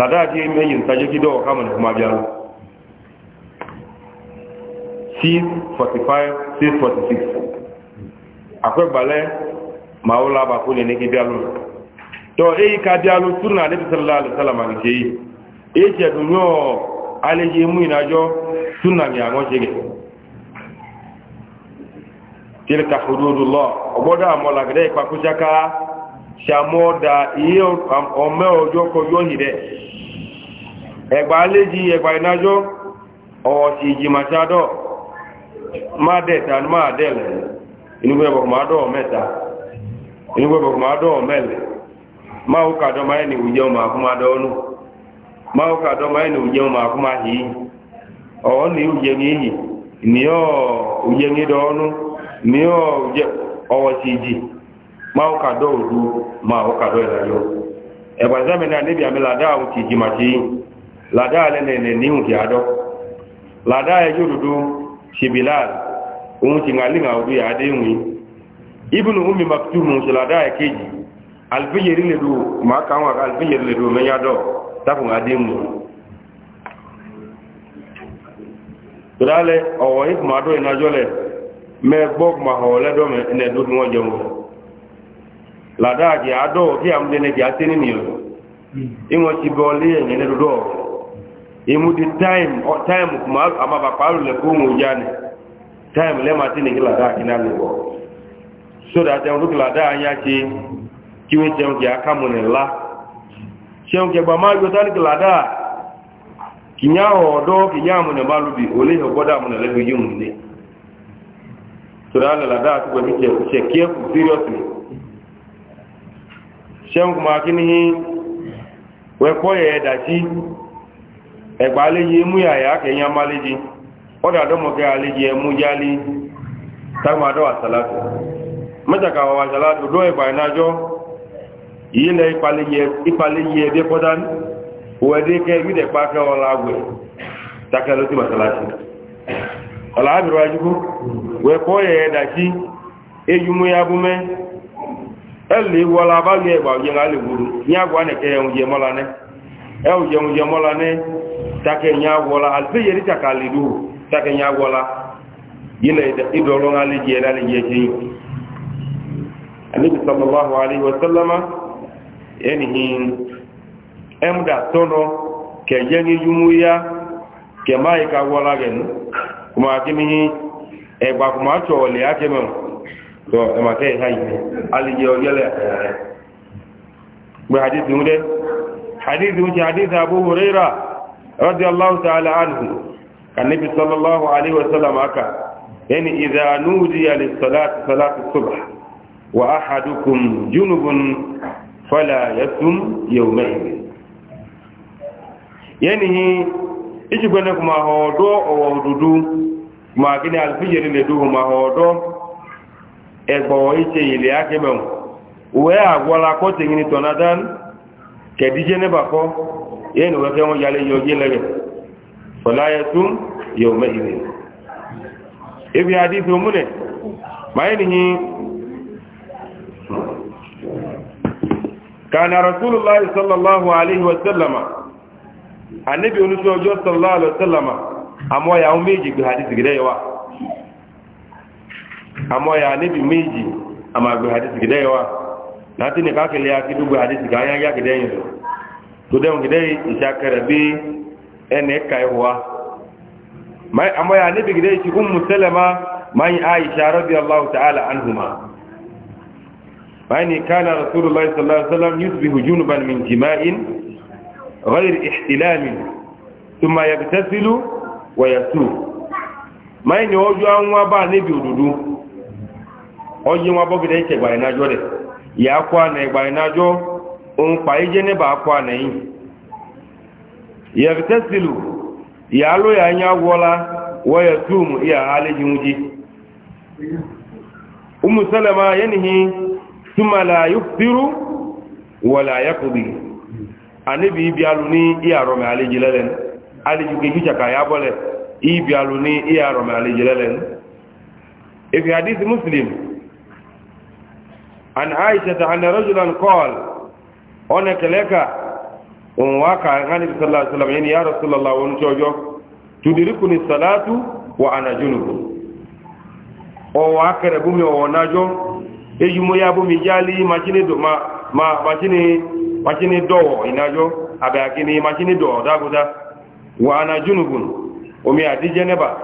làdáàdí mẹ́yìn ìtajẹ́kídọ́ ọ̀kámọ̀nà fún abíyára 645-646 àkwẹ́gbàlẹ́ màá lábà fún ẹni kí bíálù tọ́ èyí ká bíálù túnà àdébísẹ́lá àlùsálàmà nìṣe yìí èyí tẹ̀dùn yóò alẹ́yẹ mú ìnájọ́ túnà mi àwọn ṣe gẹ̀ tilka hududu lọ ọgbọ́dọ̀ ṣàmọ́ọ̀dà iye ọmọ ọjọ́ kọjọ́ yìí rẹ̀ ẹgbà léjì ẹgbà ìnájọ́ ọ̀ọ̀sì ìjìmàṣádọ́ máa dẹ̀ta ní máa dẹ̀lẹ̀ inúgbẹ̀bọ̀kùnmádọ́ mẹ́ta inúgbẹ̀bọ̀kùnmádọ́ mẹ́lẹ̀ máa ó kàdọ́ máa ẹni ìwújẹ́ ọmọ àkúmádọ́ ọ́nú máa ó kàdọ́ máa ẹni ìwújẹ́ ọmọ àkúmáhì máa ó kàdọ́ òdu máa ó kàdọ́ ìdájọ́ ẹ̀bà ìzámi náà níbi àmì làdá àwọn kìí jìmà sí làdá alẹ́nẹ̀ẹ̀nẹ̀ níhùn kìí àdọ́ làdá ẹjọ́ òdodo ṣèbìláàl ohun ti ngàlíngà òdu ìyàdéhùn ibùnú omi maktumu ṣe làdá ẹ̀kejì alfiyeri le do máa kà wọn alfiyeri le do mẹ́yàdọ́ tákùn àdéhùn tòdálẹ̀ ọ̀wọ́ ìfùmàdó ìnájọ́lẹ̀ mẹ́gbọ́kùmà ọ̀ọ́lẹ́dọ́mẹ́ ẹ̀nẹ́dọ́dún wọn jẹun ladaji ado ki amdene ki ateni ni yo hmm. ingo ti gole yen ne do imu time time kuma ama ba paru le time le matini ki ladaji na le ko so da te ru ki ladaji ya ti ki we tem ki aka mu ne la seun ke gba ma yo tani ki lada kinya odo kinya mu ṣẹ́hùn kùmà kí ní wẹ́kọ́ yẹ ẹ̀dà sí ẹ̀gbà aléyé mú yàyà kẹ̀yìn amáléjì ọdọ̀ àdọ́mọ̀kẹ́ aléjì ẹmú jálí tágbàdọ́ àsàlátù mẹ́tàkà wà àsàlátù dó ẹ̀gbà ìnájọ́ yìí lẹ ìpaléyé ele gwla abaghị egba ojenali gburu nye agwa na-eke ya ewujenwuje molane takenya agwụla azụghị ericha ka liru takenya agwụla ya ke mai ka gwala genu kuma akimihi egba kuma tọ ẹmà kẹ́ ìhá ìfẹ́ alìyẹ ọjọ́lẹ̀ àtẹ̀rẹ̀ gbé hadith ń dẹ́ hadith ń ṣe hadith abu huraira rọ́dí aláwọ̀ ta'ala anhu kanibi sallallahu alaihi wasallam aka yani idha nudiya li salati salati subh wa ahadukum junubun fala yasum yawmayni yani ichi gwene kuma gini alfijiri le duhu ma hodo ẹgbọ̀wọ̀ iṣẹ́ ilẹ̀ akẹ́mẹ̀wọ̀n òwe àgbọ́lá kọ́tẹ̀yìn tọ̀nádán kẹ̀díjẹ́ níbàkọ́ yẹnu wẹ́kẹ́ wọn yalé yọjí lẹ́rẹ̀ fọláyẹ yóò mẹ́rin ibi àdífi omúnẹ̀ báyìí àmọ́ yàwó méjì gbé àdífi gẹ́rẹ́ yẹwàá àmọ́ ya níbi méjì àmà gbé hadisi gidẹ́ yọ wa láti ní káàkiri ya kídú gbé hadisi ká yá gidẹ́ yìí lọ tó dẹ́hùn gidẹ́ ìṣàkẹrẹ bí ẹnì ẹ̀ka ẹ̀họ́ wa àmọ́ ya níbi gidẹ́ ìṣì ummu salama máa yí aisha radiyallahu ta'ala anhuma báyìí kánà rasulullah sallallahu alaihi wasallam غير احتلام ثم يغتسل ويسوق ما ينوجو أنوا با نبي oji nwa bọgide iche gbanye n'ajọ dị ya akwa na ịgbanye n'ajọ mkpa ije n'ịba akwa na iyi yevtesilu ya alụ ya anya gwụọla wee tum ya haliji nwuji umu salama yanihi tuma la yuftiru wala yaqdi anibi ibi alu ni iya rome aliji lelen aliji ke juja ka ya bole ibi ihe ni iya rome aliji lelen if hadith muslim عن عائشة أن رجلا قال هناك لك وواقع عن النبي صلى الله عليه وسلم يعني يا رسول الله ونشوجو تدركني الصلاة وأنا جنوب وواقع بومي وناجو ejumo ya bomi jali machine do ma ma machine machine do inajo abe akini machine do daguda wa ana junubun omi adije neba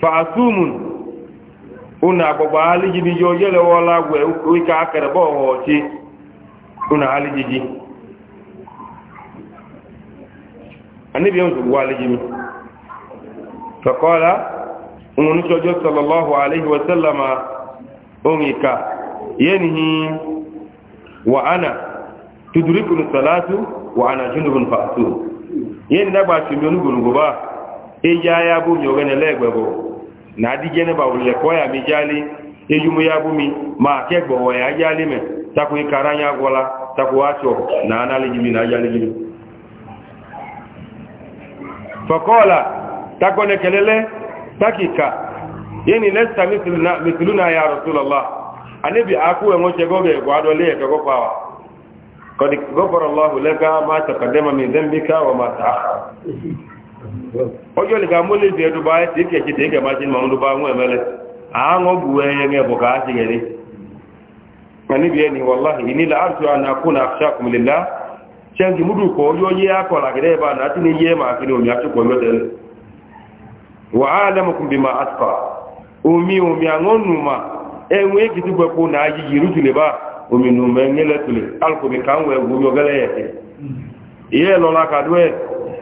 fa asumun una agbagba alijibiji ojelewola agwa e ike akara bọ ọhọchi una alijiji anibi yau unu sallallahu alaihi wa ana salatu wa ana junubun dagba onugun eji aya bu mi ogene na adije ne ba wule ko ya mi jali ejumu ya bumi ma ke gbo wa ya jali me taku ikaranya gola taku na anali jimi jali fakola tako ne kelele takika yeni lesta ya rasulullah anibi akuwe ngoche goge kwa adole ke go pawa qad ghafara allah laka ma taqaddama min dhanbika wa ọjọ́ nìkan mo lè fi ẹdùbá tí kẹ̀ ṣe tẹ̀ kẹ̀ máa ṣe máa ń dùbá wọn ẹ̀mẹ́lẹ̀ àwọn ọgbù ẹyẹ ń ẹ̀bọ̀ káà ṣe yẹ ni kàníbi ẹni wọlá ìnílà àtúntò ànàkùn àṣàkùn lélá ṣẹ́ǹkì múdù kọ yóò omi na omi àwọn nù ẹ̀wọ̀n èkì tí náà yí yìí rútùlẹ̀ bá omi nù mẹ́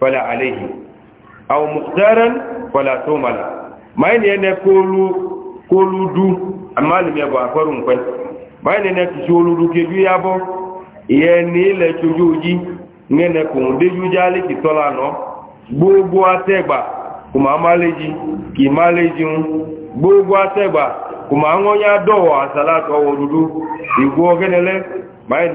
fala alayhi aw muqtaran fala tumala mai ne ne kolu kolu du amma ni me ba farun kwen mai ne ne ti olu du ya bo ye ni le tuju ji ne ne ko de ju jale ki tola no gbogbo ategba kuma maleji ki maleji gbogbo ategba kuma won ya dowo asalatu owo dudu igwo genele mai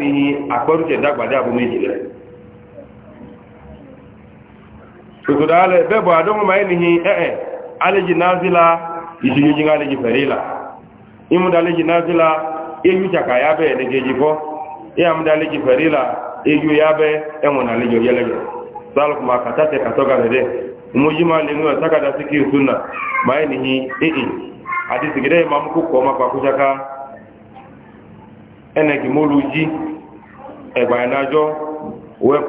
sokoda ale bɛɛ bɔ a dɔn ko ma ye nin hin ɛɛ eh, eh, ale ji nazi la isiyujin ale ji fɛri la imu da ale ji nazi la eyu caka ya bɛ ɛdɛ keji amu da ale ji fɛri la eyu ya bɛ ɛŋɔn ale jɔ salo kuma ka taa tɛ ka tɔ saka da siki usuna, sun na ma ye nin hin ee a ti sigi dɛ mamu ko kɔ ma kpa kusaka ɛnɛ k'i m'olu ji ɛgba yɛ n'adzɔ wɛ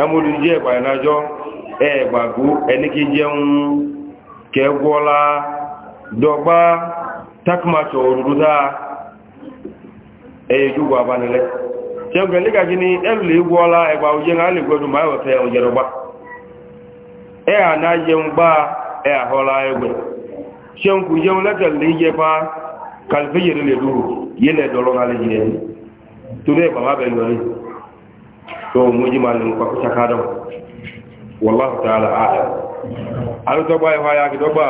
ẹmúlù jẹ́ ẹ̀gbà ìnájọ́ ẹ̀gbàgbó ẹnikí jẹun kẹgbọ́lá dọgbá takmacho òrùrúdá ẹ̀yẹ jùgbọ́ abanilẹ́ ṣẹ́gbẹ̀ nígbàjí ni ẹlùlẹ̀ ìgbọ́lá ẹgbà òjẹ́ náà lè ẹ̀ àná jẹun ẹ̀ àhọ́lá ẹgbẹ̀ to mujima ni ko ko chakado wallahu ta'ala a'lam alu to bai haya ki to ba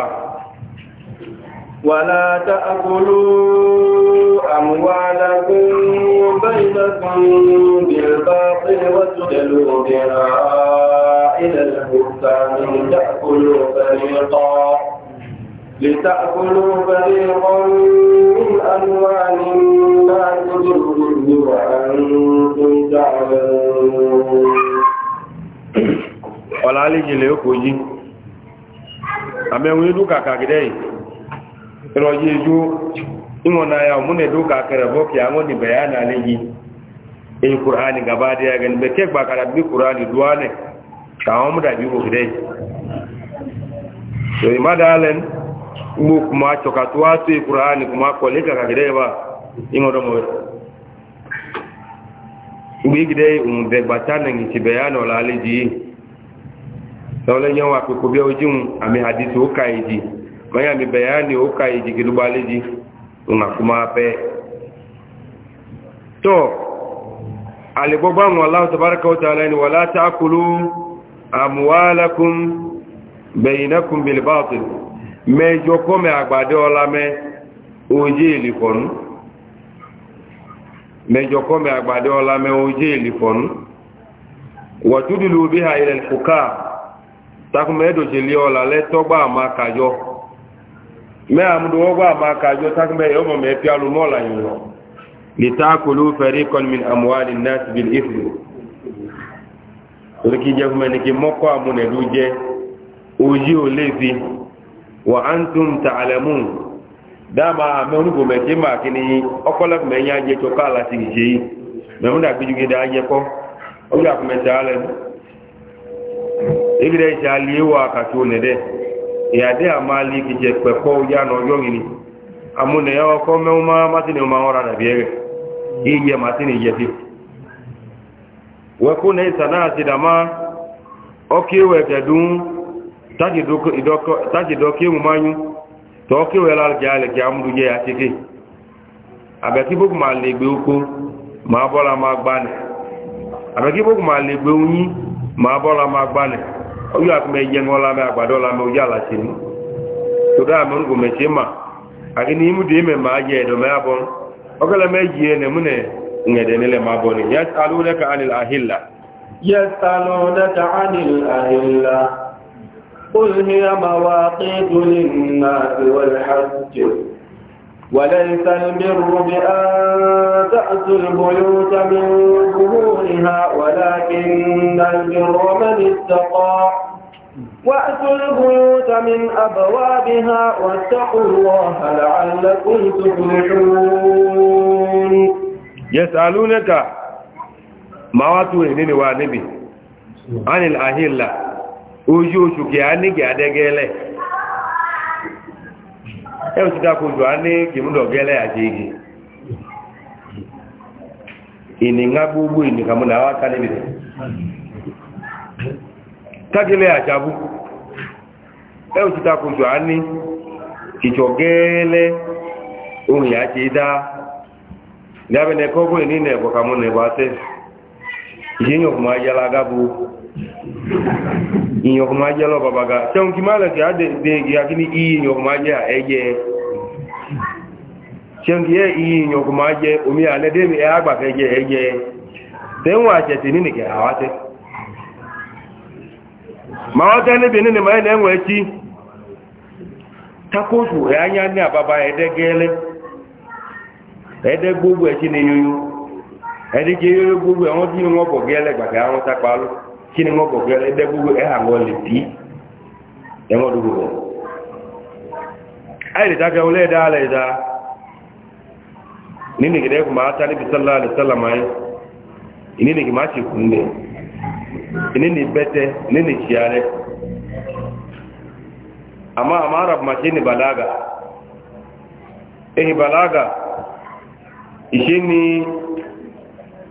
wala ta'kulu amwalakum bainakum bil batil wa tudlu biha لتأكلوا فريقا من أموال الناس بالظلم وأنتم تعلمون ọ̀la alìjìnlẹ̀ ó kò yí àmẹ́wọ̀n ìlú kàkàkìdẹ́ yìí ìrọ̀yí ìjú ìwọ̀n àyà òmúnẹ̀ ìlú kàkẹrẹ̀ bọ́kì àwọn ìbẹ̀ yà náà lè yí èyí kùránì gàbá dé agẹni bẹ̀ kẹ́gbà kàrà bí kùránì dúwálẹ̀ kàwọn mú mu kuma coka tuwa tuyi ƙura'ani kuma kwale ka ka gida ba in wadda mawai gbe gida yi un begbata na ngici bayani wala aliji sauran yawa fi kubi ojin ami hadisi o ka iji maya mi bayani o ka iji gidu ba una kuma pe to aligogban wallahu tabaraka wa ta'ala ni wala ta'kulu amwalakum bainakum bil batil mẹjọ kọmẹ àgbàdé ọlámẹ ojé ìlìfọ̀nú mẹjọ kọmẹ àgbàdé ọlámẹ ojé ìlìfọ̀nú wọ̀túdìlú bí ha ilẹ̀ kòká takùnmẹ́dòjì lé ọlá lẹ́tọ́gbà àmà kàjọ mẹ́ àmúdówọ́gbà àmà kàjọ takùnmẹ́ ọmọ mẹ́ fi alùmọ́ọ̀lá yìnyọ lìtàkùlù fẹ̀rí kọlmin àmúwálì náà ti bí ìfìlú orí kí jẹ́ fún mẹ́ni kí mọ́kọ́ àmúnẹ̀lú jẹ́ ojí ò léèfin wa antum ta'lamun dama me onu go me ti ma kini okola me nya je to kala ti je me mu da biju ge da je ko o ya ko me tale ibire ja liwa ka to ne de ya de amali ki je pe ko ya no yo ni amune ya ko me ma ma ti ne ma ora da biere iye ma ti ni je ti wa kuna sanati dama okiwe kadun taji doke mu manyu to ke wela ke ale ke amdu je atike abe ma le gbe ma bola ma gbane abe ki ma le gbe unyi ma ma la me ujala chini to ma قل هي مواقيت للناس والحج وليس البر بأن تأتوا البيوت من ظهورها ولكن البر من اتقى وأتوا البيوت من أبوابها واتقوا الله لعلكم تفلحون يسألونك واتوا هنين وانبي عن الأهلة ojú oṣù kìí á ní kìí adẹ́gẹ́lẹ̀ ẹ oṣù dákò oṣù á ní kìí múdọ̀gẹ́lẹ̀ àti igi ìnìyàn gbogbo ìnìyàn múnà wá ká níbi tágílẹ̀ àjábú ẹ oṣù dákò oṣù á ní ìjọgẹ́lẹ̀ ohun ìyá ti dá ìdábẹ̀nẹ̀kọ́gbọ̀ ìnìyàn ẹ̀kọ́ kàmúnà ẹ̀bọ̀ àtẹ́ ìyẹ́yàn fún ayálágábó ìyọ̀kùnmájẹ́ lọ bàbá ga kí máa lẹ́kẹ̀ẹ́ àdẹ́gbẹ̀ẹ́gbẹ̀ akíní iye ìyọ̀kùnmájẹ́ ẹgbẹ́ tẹ́hùn kí iye ìyọ̀kùnmájẹ́ omi àlẹ́dẹ́mì ẹgbàfẹ́jẹ́ ẹgbẹ́ tẹ́hùn àṣẹ̀tẹ̀ nínìkẹ̀ ma wọ́n tẹ́ ni wọ́n àwọn kí ni wọ́n kọ̀ fẹ́ ẹgbẹ́ gbogbo ẹ̀ àwọn lè bí ẹ̀wọ́n dúró wọn. ayé ìdáka wọlé ẹ̀dá alẹ́ ìdá nínú ìgbẹ́ kò máa tá níbi sálá alẹ́ sálá máa yẹ ìní nìkì máa ṣe kùn lẹ̀ ìní ní bẹ́tẹ̀ ìní ní ṣe alẹ́ àmọ́ àmọ́ arab máa ṣe ní balaga èyí balaga ìṣe ní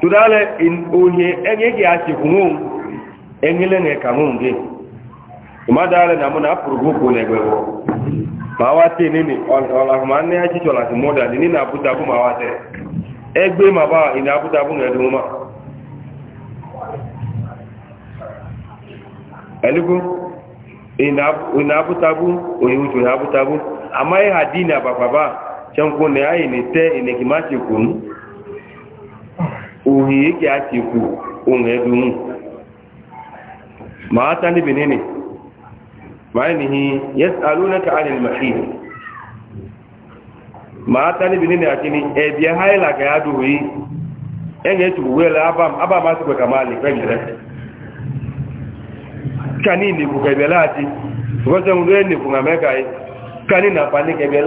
tudale ohe enye gi achi kunun enyele ne gị gi madale na mụ na purgo ko ne gbo mawate ma ne achi chola ti moda ni na ma awa mawate egbe ma ba ina na bu ne duma eligo ina ina buta bu oyu uto na buta bu amai hadina ya te òhìn yìí kì á ti kù ohun ẹ̀dùn mù màá tán níbi nínú màá nìyí yẹs alónàkà á nìyí màṣí màá tán níbi nínú àti ní ẹ̀bí ẹ̀ háìlà kẹ́ á dùn yìí ẹ̀yẹ tùwú ẹ̀ lẹ́ abáàmá pẹ̀kà máa lè fẹ́ ìrẹ́ kàní ìnìkù kẹ̀bẹ̀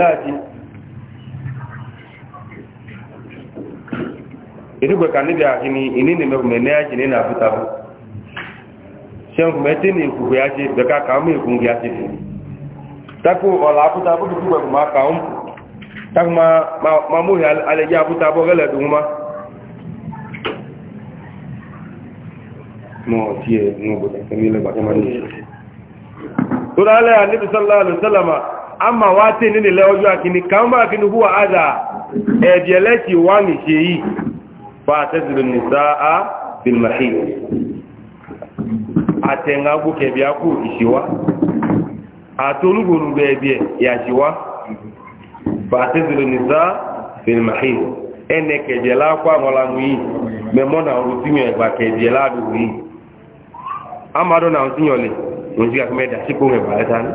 láti irigwe ka ndị bịara gịnị ini na emegbe na ya ji na na-abụtabụ shenku mete na ekwukwe ya ji beka ka mụ ekwu ngị ya ji dị takwu ọla abụtabụ dị igwe ma ka ma mụ ya alegi abụtabụ ogele dị nwụma mọ̀tíẹ̀ n'obodo ẹ̀mí ilẹ̀ gbàgbàmà ní ìṣẹ́ tó rálẹ̀ àníbi sallálù sallama a ma wá tí nílẹ̀ ada ẹ̀dẹ̀lẹ́kì wá nìṣe yìí fa'tazilu nisaa a mahid atenga buke byaku ishiwa atulugunu bebie yashiwa fa'tazilu nisaa bil mahid ene kejela kwa ngola ngui memona urutimye kwa kejela duwi amado na utinyole unjika kumeda sikunge baletana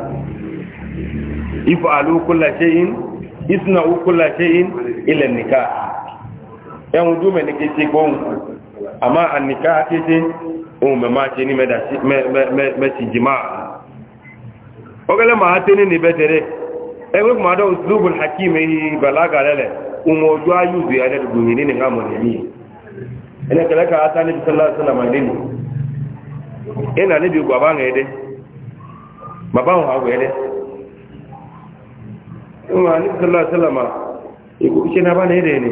ifa alu kullu shay'in isna kullu shay'in ila nikah ẹ̀hùn dúmẹ̀ ní kété kóhùn àmá àníká kété ohun mẹ́má ṣe ní mẹ́sì jìmá ọgẹ́lẹ́ máa tẹ́ ní ní bẹ́tẹ̀rẹ́ ẹgbẹ́ kò máa dọ́ zubul hakim yìí balaga lẹ́lẹ̀ ohun ọjọ́ ayúbì adẹ́dùgbòhìn ní nìkan mọ̀ nìyí ẹni ka ká níbi sọ́lá sọ́lá máa dé ní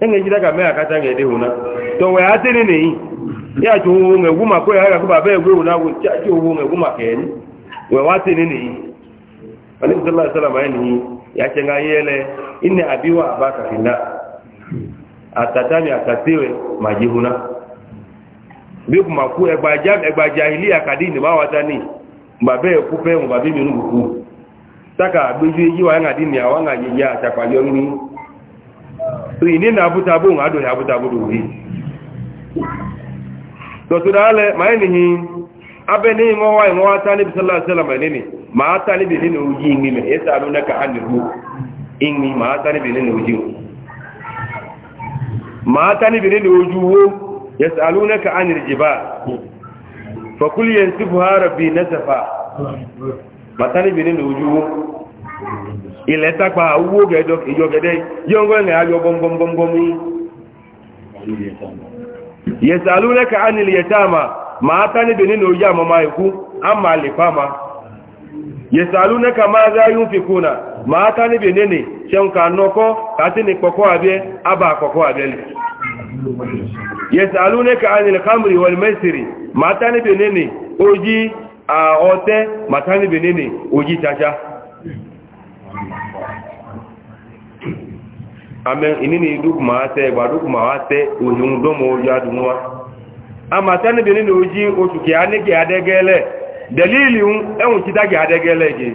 enge jira ka me akata nge de huna to we atene ne ya jo nge guma ko ya ka baba egwe huna wo cha jo wo nge guma ken we watene ne ali sallallahu alaihi wasallam ani ya chenga yele inna abiwa abaka fillah atatani atatiwe majihuna bi kuma ku egba jam egba jahiliya kadini ba watani baba ekupe mu babi minu buku taka gbeju eji wa nga dini awa nga yeya atakwa yo ni rini na abụtabu nwa adụghị abụtabụrụ uri tọtụrụ alẹ ma anyị n'ihi abẹ n'ihi nwa nwa ata n'ebi sallallahu alaihi wasallam nini ma ata n'ebi nini oji nni ma ịsa alụ na ka ha n'ekwu nni ma ata n'ebi nini oji ma ata n'ebi nini oji wo yasa alụ na ka ha n'ejiba fakuli yansifu ha rabbi nasafa ma ata n'ebi nini oji wo ilẹ̀ tápa owó ìjọgẹ̀dẹ̀ yọ́ngọ́ ilẹ̀ ayọ bọ́m̀bọ́m̀bọ́m̀ yẹ̀sàlú lẹ́ka ánìlì yẹ̀tàmà máa tánibì nínú oyá mọ́má ikú a máa lè fáma yẹ̀sàlú lẹ́ka máa záyún fi kúnà máa tánibì nínú ṣẹ́nkà nọ́kọ́ àti ní kọ̀kọ́ àbẹ́ abà kọ̀kọ́ àbẹ́lẹ̀ yẹ̀sàlú lẹ́ka ánìlì kámìrì wọl mẹ́sìrì máa tánibì nínú ojí ọ̀tẹ́ máa tánibì nínú ojí chacha ame inini dukuma ate gba dukuma ate ohun domo oyo adunwa ama tani bi nini oji otu ki anigi adegele delili un ehun ti dagi adegele ge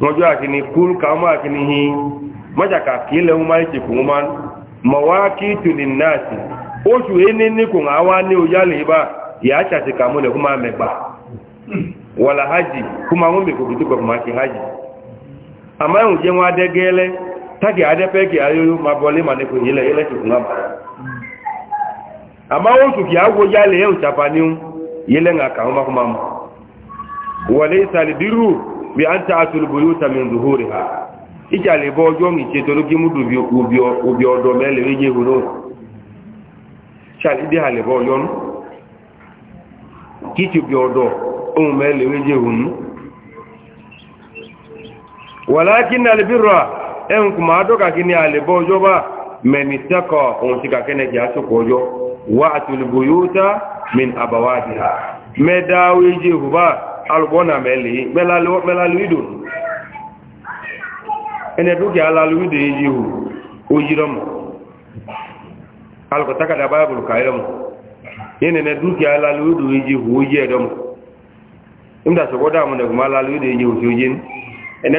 mojo akini kul ka ma akini hi maja ka kile un mai ti fun man mawaki tu linnasi oju enini kun awa ni oyale ba ya cha ti kamule kuma megba wala haji kuma mo be ko bitu ko ma ki haji ama ehun je won adegele taki adepe ki ayoyo ma bole ma ne ko yele yele ki ngam ama wo su ki awo yale e uchapani yele nga ka ma kuma mu walaysa lidiru bi an ta'tul buyuta min zuhuriha ijale bojo mi che to ki mudu bi obi obi odo mele weje huro chali di hale bojo nu ki ti bi odo o um, mele weje hunu walakin albirra ẹn kùmà àdọ́kàkí ní àlèbọ́ ọjọ́ bá mẹ́ni tẹ́kọ̀ ohun ti kàkẹ́nẹ̀ kì á ọjọ́ wà àtòlùbò yóò tá min àbàwádìí ha mẹ́dáwó ijé ìhùbá alùbọ́nà mẹ́lẹ̀ mẹ́láluwídò ẹni dúkìá aláluwídò ijé ìhù ojírọ́mù alùkọ̀tákàdá báyàbùlù kàírọ́mù yẹn ẹni dúkìá aláluwídò ijé ìhù ojí ẹ̀dọ́mù nígbà sọ̀kọ́dá àmúnẹ̀kùnmá aláluwídò ijé ìhù tí ó jẹ́ ẹni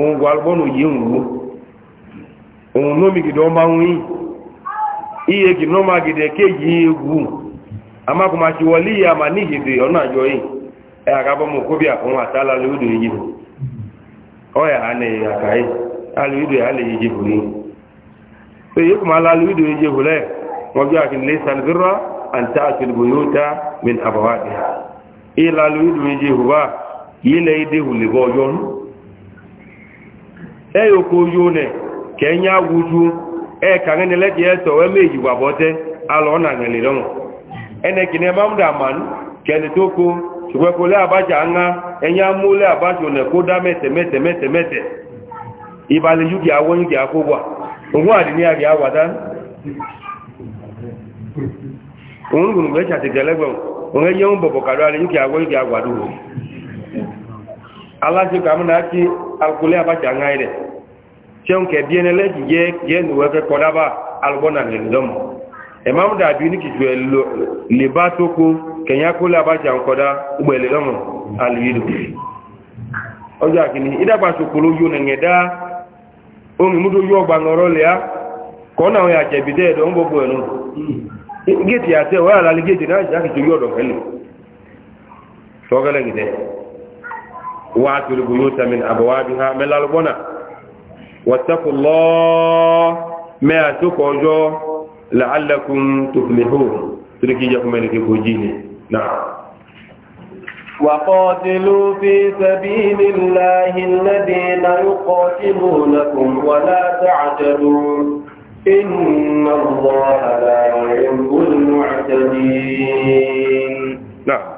òun gwalgbọ́nù yí òun ọmọ yí iye ọmọ yìí wú wọlé yìí àmà ní ìhìdè ọ̀nà àjọ yìí ẹ̀ àgábọ́mù kóbi àkùnrin àti alàlùdò yìí bò ọ̀yà àná ìyàkà yìí alùdò yà lè yìí bò yìí tó yìí kùmà alàlùdò yìí bò lẹ̀ wọ́n bí àkìn lè àti yóò dá min yìí wá yìí lẹ́yìn bọ́ ọjọ́ nù. eyokoyone ka enye agwụjuo ee ka nge nele ka eto wee meji gwabote ala ọ na ngelere enekine mamda aman kenetoko chukwekole abacha anga enye amule abacha onekoda mete mete mete mete ibali yugi awon yugi akwụgwa onwe adịnị ya ga-awada onwe gụrụ mgbe echatigele gwe onwe nye m bọbọ karịa yugi aláṣẹ kàmú náà kí alukólé abájá ńlá rẹ̀ ṣẹ́hùn kẹ̀bí ẹni lẹ́jì yẹ yẹ ní wẹ́fẹ́ kọ́dábà alùbọ́nà lẹ́lọ́mù ẹ̀máàmù dàbí ní kìtù ẹ̀ lè bá tó kó kẹ̀yà kólé abájá ńkọ́dá gbọ́ ẹ̀lẹ́lọ́mù alùyídò ọjọ́ àkíní ìdàgbàsókòló yóò nẹ̀ngẹ̀dá ohun ìmúdó yóò gbàngọ̀rọ̀ lẹ́yà kọ́nà àwọn àjẹ̀bí dẹ́ẹ̀dọ̀ ń gbogbo ẹ̀nu géètì àtẹ́wọ́ àlàlẹ́ géètì náà ìjákìtì yóò dọ̀fẹ́lẹ̀ tọ́gẹ́lẹ́gìdẹ́ واتوا البيوت من أبوابها من البنا واتقوا الله ما تقوجوا لعلكم تفلحون تركي جاكم ملك فوجيه نعم وقاتلوا في سبيل الله الذين يقاتلونكم ولا تعجلوا إن الله لا يحب المعتدين نعم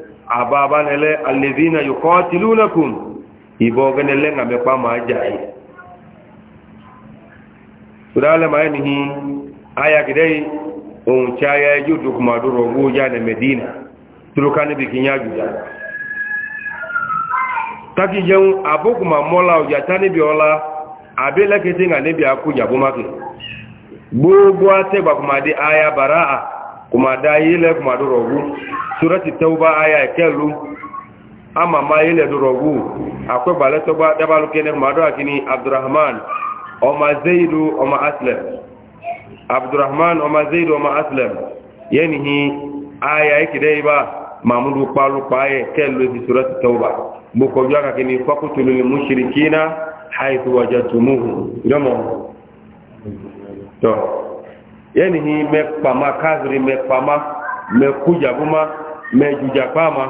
ababa nele alladhina yuqatilunakum iboga nele ngame kwa majai surala maanihi aya gidai on chaya yudu kuma duro goja na medina tulukani bikinya juda taki jeun abokuma mola oja tani biola abele kete ngane bi akuja bumake gbogbo ategba kuma di aya baraa kuma da yile kuma duro goja surati tauba aya kelu ama ma ile dorogu akwe bale toba dabalu kene mado akini abdurrahman o ma zaidu o ma aslam abdurrahman o ma zaidu o ma aslam yani hi aya yake dai ba mamudu palu paye kelu fi surati tauba buko jaka kini faqtulul mushrikina haythu wajadtumuhu yomo to yani hi mekpama kazri mekpama mekujabuma mẹjùjà pàmà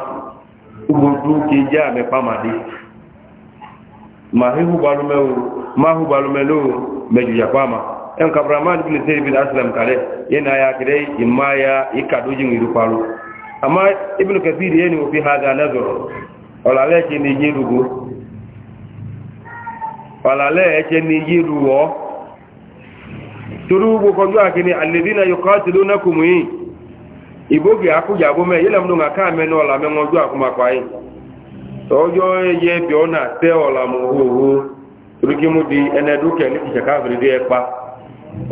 gbogbo kí jẹ́ àmẹ́ pàmà dé mahúbalúmẹ́ ló mẹjùjà pàmà ẹn kàbramán bí lè tẹ́lẹ̀ asìlẹ̀m kalẹ̀ yẹn na ya kìrẹ́ ìmáyà ìkàdójìn ìlú palu àmá ibùn kẹfìdì yẹn ni òfin ha dáa nẹ́zọ̀rọ̀ ọ̀làlẹ́ ẹ̀kẹ́ ni yé rúgbó ọ̀làlẹ́ ẹ̀kẹ́ ni yé rúwọ́ torí gbogbo kọjú àkíní àlèdínà yóò kọ́ igbo ga akwụ ji agbụ me yele mdụ na aka ame n'ọla me nwa ọjọọ akwụmakwa anyị ọjọọ ye bi ọ na-ate ọla m ohoho rigi mụ eneduke n'ikicha ka viri dị ekpa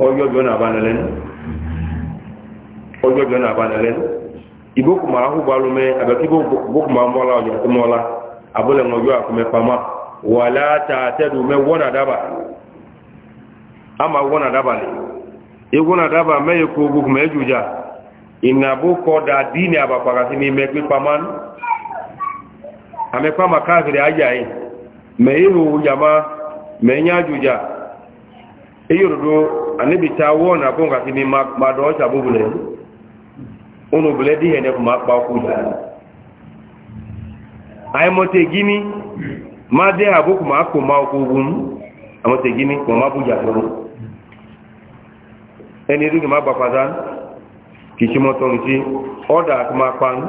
ọjọọ bi ọ na-aba n'ele igbo ahụ ọjọọ atụmọla abụla ta na ìnàbó kọ́dà díìnì àbàpàkà sí ni mẹ́gbé pamán àmẹ́pàmà káàkiri ayà yìí mẹ́yìnrò yàmá mẹ́yìnàjòjà èyí òdòdó àníbìta wọ́n àbọ̀nkà sí ni màdọ̀ ọ̀ṣà bóbulẹ̀ onóbulẹ̀ díhẹ̀ nẹ́kùn máa pa ọkù jà àìmọ̀tẹ̀ gíní má dé àbókù máa kò máa ọkù ogun àmọ̀tẹ̀ gíní kò má bùjà tó ẹni dúkì má gbàpàdánù kìí mọ́tọ́ ní tí ọ́dà àti máa panu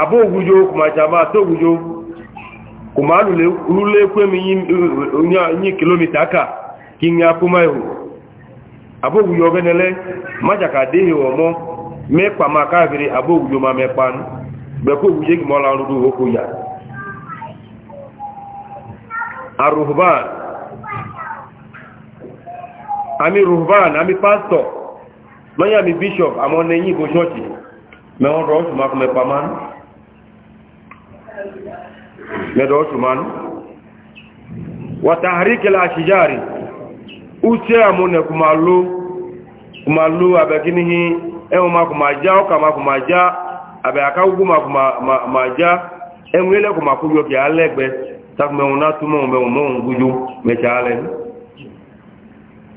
àbó ògújó kò máa jàmá tó ògújó kò máa lulẹ̀ pé mi yí kìlómítà kà kí ní apúmọ̀ ihò àbó ògújó ọgẹ́nẹlẹ́ májàkà dé ọmọ mẹ́pà máa káàkiri àbó máa mẹ́panu yà àmì ruhban àmì pastor lọ́yìn àmì bishop àmọ́ ọ̀nà ẹ̀yìn ìbò ṣọ́ọ̀ṣì mẹ́wọ́n rọ̀ ọ̀ṣùmá kọ́ mẹ́pa máa ń mẹ́dọ̀ ọ̀ṣùmá ń wàtàrí kẹlẹ̀ àṣìjáre úṣẹ́ àmúnẹ̀ kùmà ló abẹ́kíníhí ẹ̀wọ̀n ma kùmà já ọkà ma kùmà já abẹ́ àkáwùgbò ma kùmà já ẹ̀wọ̀n ilẹ̀ kùmà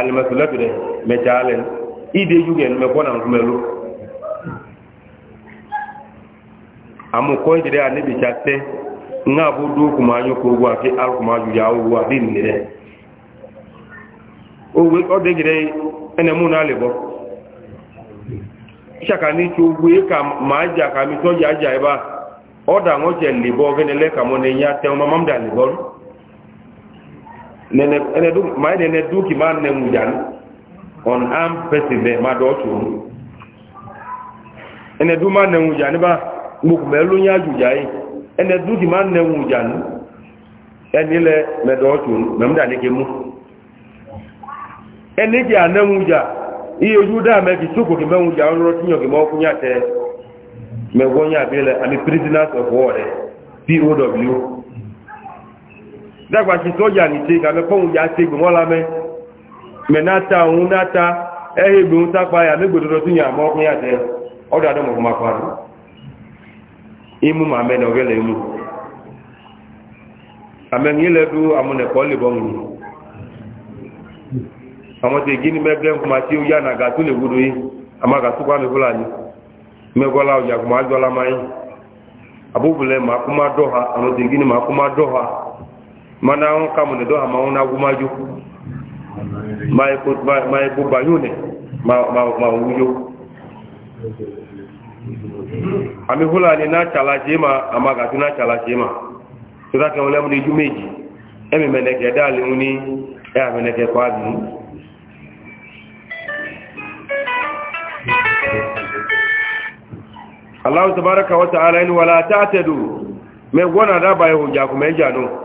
alimasulatu dɛ mɛ cɛ ide ju kɛ mɛ kɔna kumɛ lo amu kɔnji dɛ ani bi ca tɛ ŋa bo do kuma anyo ko wa al kuma ju ya wa o we o de mu na le bo saka ni tso we ka ja ka mi tɔ ja ja e ba ɔda ŋɔ jɛ libɔ lɛ nene du mai nene du ki ma ne mu jan on am pesi be ma do tu ene du ma ne mu jan ba mu ku melu nya ju jai ene du ki ma ne mu jan eni le me do tu me mu da ne ke mu eni ki ane mu ja iye ju da me ki suko ki me mu ja ro ti ki mo ku nya te me wo nya be le ami prisoners of war pow dagba si to ya ni ga me pon ya te gbo la me me na ta un na ta e he gbo ta pa ya me gbodo tun ya mo kun ya adị o da do mo ma pa ru imu ma me no gele imu amen yele le àwọn tí gini mẹ́gbẹ́ ń kuma tí ó yá nàgà tó lè wúdo yìí kwá mi jọ́lá yìí ha àwọn gini ha mana an kamu ne do ama ona gumaju mai ko mai ko ma ma ma uyo ami hula ni na chala jema ama ga tuna chala jema so da kan lemu ni jumeji emi meneke dali uni e a meneke kwa bi Allah tabaraka wa ta'ala in wala ta'tadu me wona da bayo ja ku me jano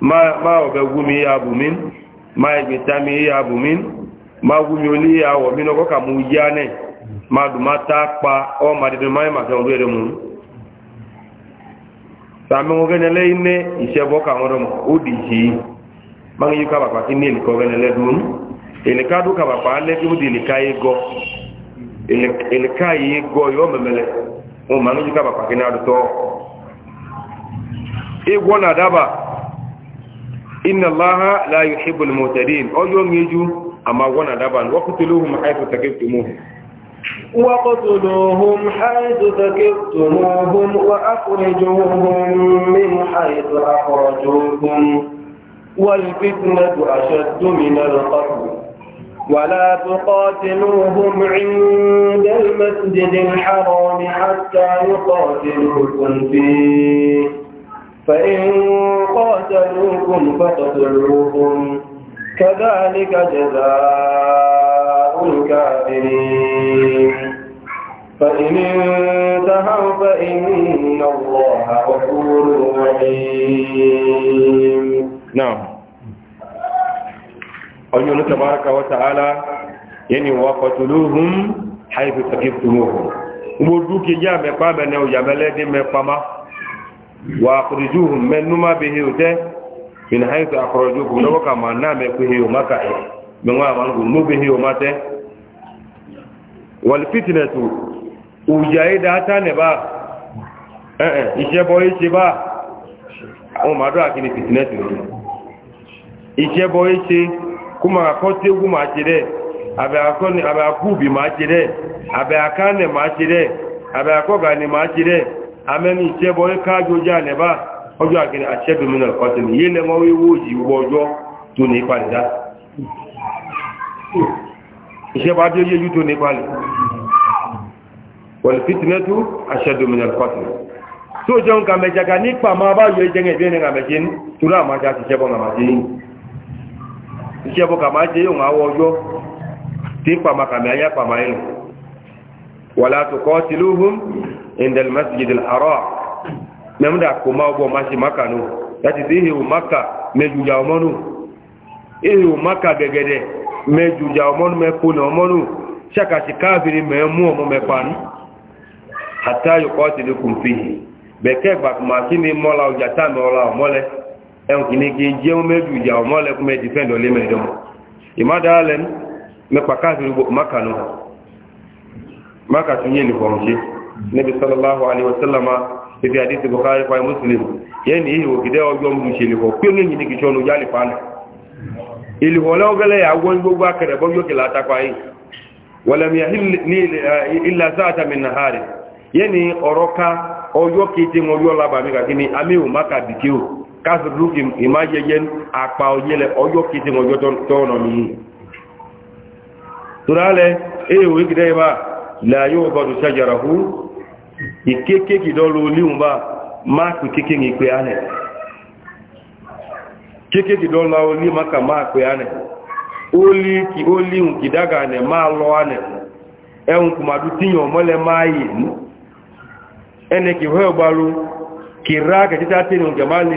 ma ọ̀bẹ̀ gúmi ihe abùmín ma ìgbìtami ihe abùmín ma gúmi olí ihe awọ̀ mínú ọkọ́ kà mú yá nẹ̀ ma dùn ma pa ọ ma dìdì ma ìmà sẹ́wọ̀n lórí mú sàmì wọn gẹ́nẹ lẹ́yìn ní ìṣẹ́bọ́ kà wọn rọmọ ó dì jì í ma ń yí sí ní dún di yé yé gọ yọ wọn ń yí adùtọ́ inna allaha la yuhibbu al-mu'tadin ojo ngeju ama wona daban waqtuluhum haythu taqiftumuhum وقتلوهم حيث ثقفتموهم وأخرجوهم من حيث أخرجوكم والفتنة أشد من القتل ولا تقاتلوهم عند المسجد الحرام حتى يقاتلوكم فيه فإن قاتلوكم فاقتلوهم كذلك جزاء الكافرين فإن انتهوا فإن الله غفور رحيم نعم أجل تبارك وتعالى يعني وقتلوهم حيث سكبتموهم gbogbo kejì àmẹ́pàá mẹ́nẹ́ òyàmẹ́lẹ́dín mẹ́pàá máa واخرجوهم من نما به وته من حيث اخرجوكم لو كما نام به ومكا من ما من به ومته والفتنه وجايدا تنبا eh ise bo ise ba awon ma do akini fitness ni ise bo ise kuma ko te gu ma jire abe akoni abe akubi ma jire abe akane ma jire abe akoga amẹ́ni ìṣẹ́bọ̀ káàjò já nẹ̀bá ọjọ́ àgbẹ̀ni àṣẹ́bìmínà ọ̀tẹ̀lẹ̀ yé lẹ́mọ́ wíwó yìí wọ ọjọ́ tó ní ìpàdé ìṣẹ́bọ̀ adé yé yú tó ní ìpàdé wọ̀lẹ̀ fitinẹ́tù àṣẹ́bìmínà ọ̀tẹ̀lẹ̀ tó jẹun kàmẹ̀jàkà nípa máa bá yọ ìjẹ́gẹ̀ ìbí ẹni kàmẹ̀jẹ́ ní torí àmájá ti ṣẹ́bọ̀ kàmájẹ́ yìí ìṣẹ́bọ̀ kàmájẹ́ yóò ولا تقاتلوهم عند المسجد الحرام نمدا كما هو ماشي مكانو ياتي ذي مكة مجو جاومونو إيه مكة جدي مجو جاومونو مكون أمونو شكا شكافر مهمو ممكوانو حتى يقاتلكم فيه بكيك باك ماشي مولا وجاتا مولا ومولي ẹ̀hùn kì ní kí jẹun mẹ́jù ìjà ọmọ lẹ́kún mẹ́ dìfẹ́ndọ̀ lé mẹ́jọ gbogbo mákànú maka tun yi uniform ce nabi sallallahu alaihi wasallama ibi hadisi bukhari kwa muslim yani yi ogide ojo mu se liho pe ni ni ki chonu ya lifa na ili hola ogele ya won gbogbo akere bo yo kila ta kwa yi wala mi yahil ni illa sa'ata min nahari yani oroka ojo kiti mo yo laba mi ka kini ami o maka dike o kasu ruki imajejen apa oyele la yóò bá dùn ṣàjàrà hù ìkékèkì dọ́lù olíhùn bá máàkì kékè ní pé ánẹ̀ kékèkì dọ́lù olí maka máa pé ánẹ̀ olíhùn kìdága ánẹ̀ máa lọ ánẹ̀ ẹ̀hùn kùmàdù tíyàn mọ́lẹ̀ máa yìí ẹnẹ kì họ́ ẹ̀gbálú kì rá kẹtítà tí nìyàn kẹmàlì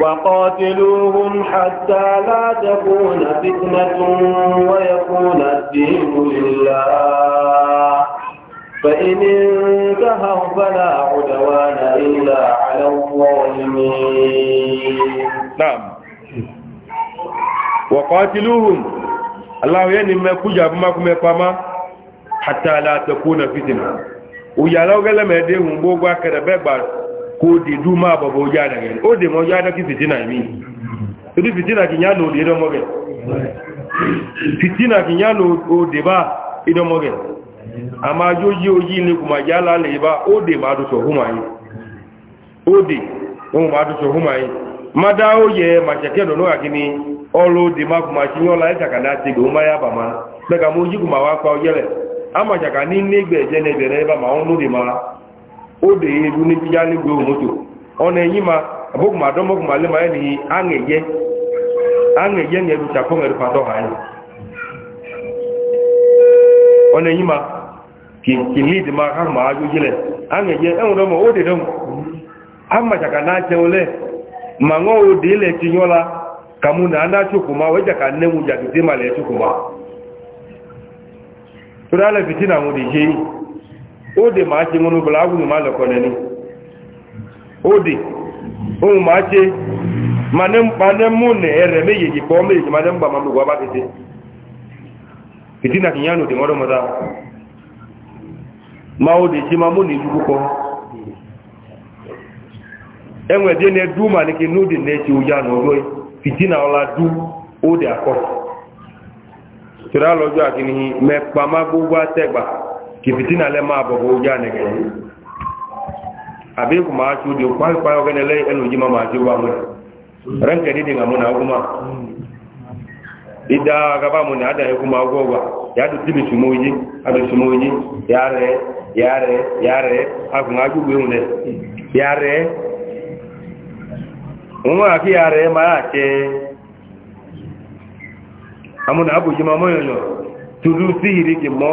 وقاتلوهم حتى لا تكون فتنة ويكون الدين لله فإن انتهوا فلا عدوان إلا على الظالمين نعم وقاتلوهم الله يعني ما كجا ما كما حتى لا تكون فتنة ويا لو قال ما يديهم بوغا كده بيبار kó di dú máa bọ̀bọ̀ ojú àdàgẹ̀ ó dè mọ́ ojú ma fìtínà mi torí fìtínà kì yánà òdè ìdánmọ́gẹ̀ fìtínà kì yánà o bá ìdánmọ́gẹ̀ a máa yóò yí ojú ilé kùmà yá lálẹ̀ bá ó dè máa dùsọ̀ húnmà ma ó dè dá ó yẹ màṣẹ̀kẹ́ lọ́nà àkí ni ọlọ́ òdè máa kùmà sí yọ́la ẹ̀kàkàdá ti mo ó dè é lu níbi yá nígbè ọ na ẹ̀yìn ma àbókùnmá dọ́mọ́kùnmá lé ma ẹni àǹgẹ̀yẹ ma kì ní ma akárùnmá na àǹgẹ̀yẹ ẹ̀hùn dọ́mọ̀ ó dè dọ́mọ̀ àmàjàkà náà ha lẹ̀ màá na dè lẹ̀ ti yọ́ la kàmú nà á ná na wẹ́jàkà nẹ́mu ma lẹ̀ tsókòmá na ma na ode ma ce ŋunu bla agwu ma lọkọ ode ohun ma ce ma ne ma ne mu ne ere me yeji kpọ me yeji ma ne mgba ma mgbe gwaba kete kete na kinyanu de ngoro mọta ma ode ci ma mụ na ne ijuku kọ enwe de ne du ma ne ke nu de ne ci uja na fitina ọla du ode akọ tura lọjọ akinihi mẹpa ma gbogbo atẹgba kìfìtínà lẹ máa bọ̀bọ̀ ojú ànẹ̀gẹ̀ yìí àbíkù máa ṣe ojú pàápàá ọgẹ́nẹ̀ lẹ́yìn ẹnu jíma máa ṣe wà mú rẹ́ǹkẹ̀ dídì nà múnà ọgbọ́n máa ìdá agaba múnà àdá ẹkù máa gbọ́ wà yàtò tíbi súnmọ́ yìí àbí súnmọ́ yìí yà rẹ̀ yà rẹ̀ yà rẹ̀ àgùn agbègbè òun lẹ̀ yà rẹ̀ òun àfi yà rẹ̀ máa tẹ àmúnà àbòjì máa mọ́yọ̀ yàn tùdú sí ìrìkì mọ́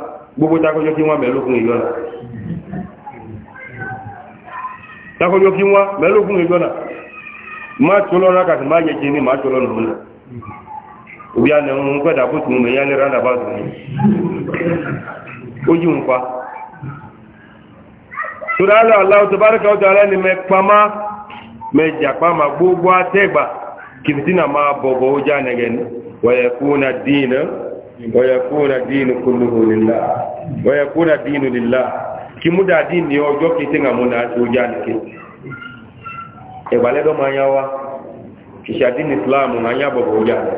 gbogbo takọjọ́ kí wọ́n mẹ́lógún ìjọ́nà takọjọ́ kí wọ́n mẹ́lógún ìjọ́nà má tó lọ́nà kàtí má yẹ jẹ́ ní má tó lọ́nà lọ́nà òbí ànàmù ń pẹ́dà kó tún mẹ́yà ní rádà bá tún ó yí ń pa tó dáálọ́ aláwọ̀ tó bá rí káwọ́ tó alẹ́ ni mẹ́ pamá wọ̀yẹ̀kú na dín ويكون الدين كله لله ويكون الدين لله kí múdà dín ní ọjọ́ kété àmúnà àti ojú àníké ìbàlẹ́dọ́ ma yá wá ìṣàdín islam ma yá bọ̀bọ̀ ojú àní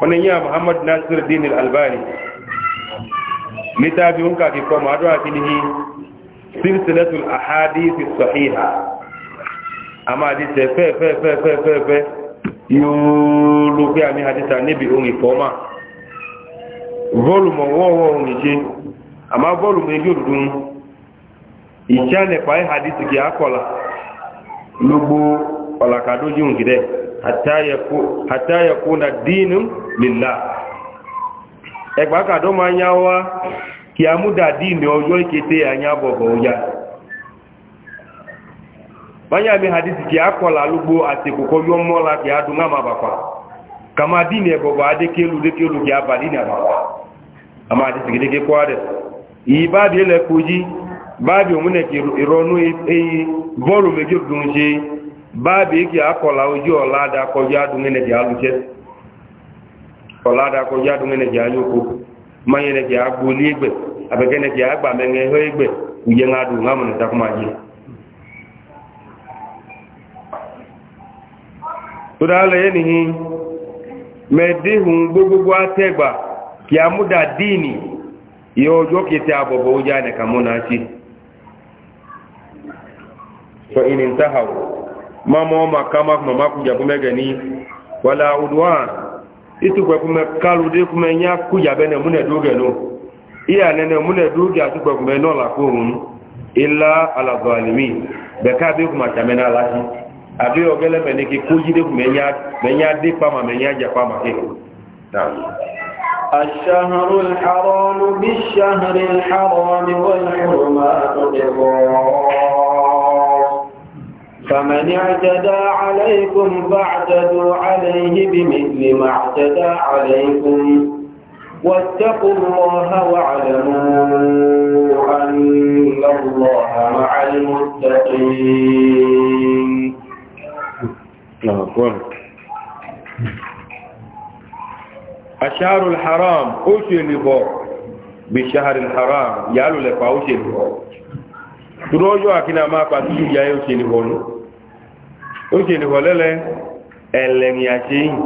wọ́n yá muhammad nasir dín albani níta bí ń kàfi kọ́ màdọ́ àti níhi sílsìlẹ́tù àhádí ti sọ̀híhà a máa di tẹ̀ fẹ́ẹ̀fẹ́ẹ̀fẹ́ẹ̀fẹ́ẹ̀fẹ́ yóò ló pé àmì hadita níbi ohun ìfọ́mà volume ọwọ́wọ́ nìṣe àmá volume ẹgbẹ́ òdùn ìṣẹ́ nípa ìhàdìsì kì á kọ̀lá gbogbo ọ̀làkàdójú gidẹ̀ àtàyẹ̀kú na dínú lèlá ẹgbàkàdó ma ń yá wá kí a múdà dínú ọjọ́ ìkété àyàbọ̀bọ̀ ọjá báyàmí hadisi kì á kọ̀lá lógbó àtẹ̀kùkọ́ yọ mọ́lá kì á dùn náà má kama dini ya gogo ade kelu de kelu ya ba dini ba ama ade sigide ke kwa de yi ba bi le kuji ba bi omune ki ironu e bolu mejo dunje ba bi ki akola oju ola da ko ya dun ne ya luje ola da ko ne ne egbe abege ne gba egbe ne ji ni medihun gbogbo atẹgba kí a múdà díìnì yọ ọjọ́ kété àbọ̀bọ̀ ó já nìkan mú náà sí sọ ìní ń táhà ó máa mọ́ ọmọ akámá fún ọmọ akújà fún mẹ́gẹ̀ ní wàlá ọdúnwàn ìtùpẹ̀ fún mẹ́ kálódé fún mẹ́ yá kújà bẹ́ẹ̀ múnẹ̀ dógẹ̀ nù ìyá nẹ́nẹ̀ múnẹ̀ dógẹ̀ àtùpẹ̀ fún mẹ́ náà làkóhun ilá alàgbọ̀ bẹ̀ká bí kùmà tàmẹ́nà láti àbí ọ̀gẹ́lẹ́ mẹ́nìkì kó jíde kù mẹ́yìn adé pàmà mẹ́yìn ajá pàmà kéèkó. الشهر الحرام بالشهر الحرام والحرمات قصاص فمن اعتدى عليكم فاعتدوا عليه بمثل ما اعتدى عليكم واتقوا الله واعلموا أن الله مع المتقين lọ́kọ́rù aṣáàrù haram ó ṣe lè bọ̀ bí ṣáàrù haram yàálù lẹ́pàá ó ṣe lè bọ̀ turu ọjọ́ àkínà máa pàtí ìyá ó ṣe lè bọ̀ ní ó ṣe lè bọ̀ lẹ́lẹ́ ẹ̀lẹ́ni àṣẹ yìí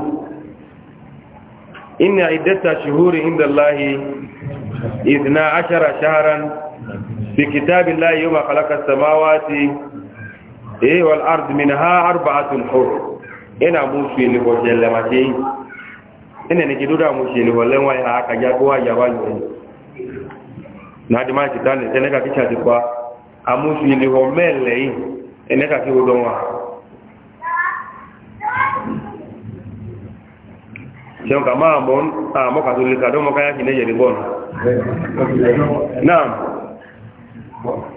inna eh wal ard minha arba'atun hur ina musu ni ko jelle ma tei ina ne ki duda musu ni wallan wai ha ka ja ko ya ba ni na di ma ki tan ne ne ka ki cha di kwa amusu ni ho mele yi ene ka ki wo don wa jan ka ma a mo ka dole ka do mo ka ya ki ne je bon na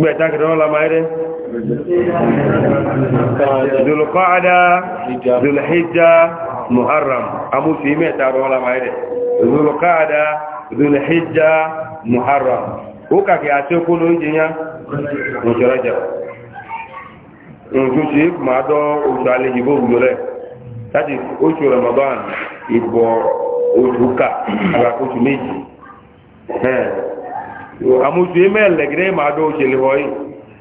gbẹ̀ta kìtọ́ lọ́la máa rẹ̀ zulukọ́ada zulhijja muharram amúfi mẹ́ta lọ́la máa rẹ̀ zulukọ́ada zulhijja muharram ó kàkì àti okó ló ń jìyàn òṣèrèjà òṣù tí máa dọ́ oṣù alẹ́yìnbó wùlọ rẹ̀ láti oṣù ramadan ìbọ̀ oṣù ká àgbàkóṣù méjì amutu emele gide ma do jeli hoyi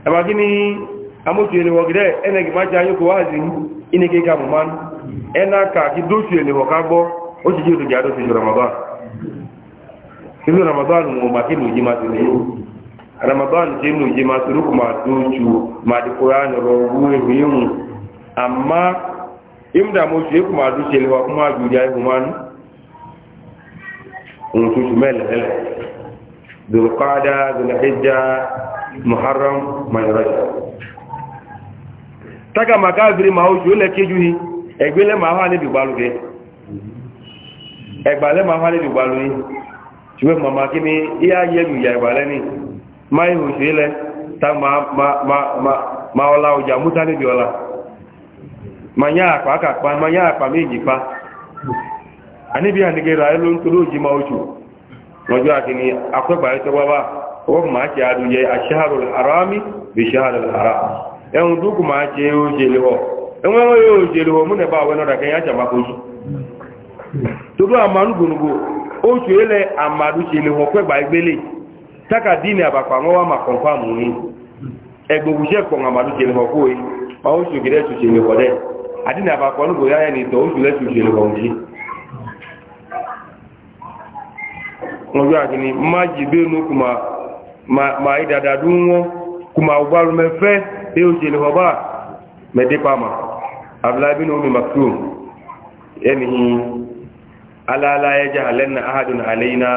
eba gini amutu ele ho ene gi ma jayo ko wazi ine ge ga man ena ka ki do tu ele ka gbo o ti jodo ja do ti ramadan ti ramadan mo ma ki mu ji ma ti ni ramadan mu ji ma ma do ma di qur'an ro wu e amma imda mo ji ku ma do jeli ju ja e man ele ذو القعدة ذو الحجة محرم ka رجب taka ma ojú le lẹ́kẹ́jú ni ẹgbẹ́lẹ́ ma wà níbi ìgbàlù rẹ̀ ẹgbàlẹ́ ma wà níbi ìgbàlù yìí ṣùgbọ́n màmá kí ni yíya yẹlu ìyà ni máa ihò ṣe ta ma ọlá ọjà múta níbi ma yá àpá kàpá ma yá àpá méjì pa àníbi àníkẹ́ra ma lọ́jọ́ àkíní akọ́gbàrí tó wá bá ó máa ṣe àdúyẹ aṣáàrò àrámi bí ṣáàrò àrá ẹ̀hùn dúkù máa ṣe ó ṣe léwọ́ ẹ̀wọ́n yóò ṣe léwọ́ múnẹ̀ bá àwọn ọ̀dà kẹyìn àjàmà kò yí torí àmàlù gbòǹgbò oṣù ilẹ̀ àmàlù ṣe léwọ́ pẹ́gbà ìgbélé tákà dínì àbàpà wọn wá máa kọ̀ǹfà mú ní ẹgbògùṣẹ́ kọ̀ǹ àmàlù ṣe léwọ́ kóye máa oṣù wọn yóò àgbẹni má jìbé nu kùmà má ìdàdà wọn kùmà ògbàlù mẹfẹ bí ó jẹlẹ ọba mẹdẹpàmà abdullahi ní omi maktum ẹni alala ẹja alẹ́nà ahadùn alẹ́yìnà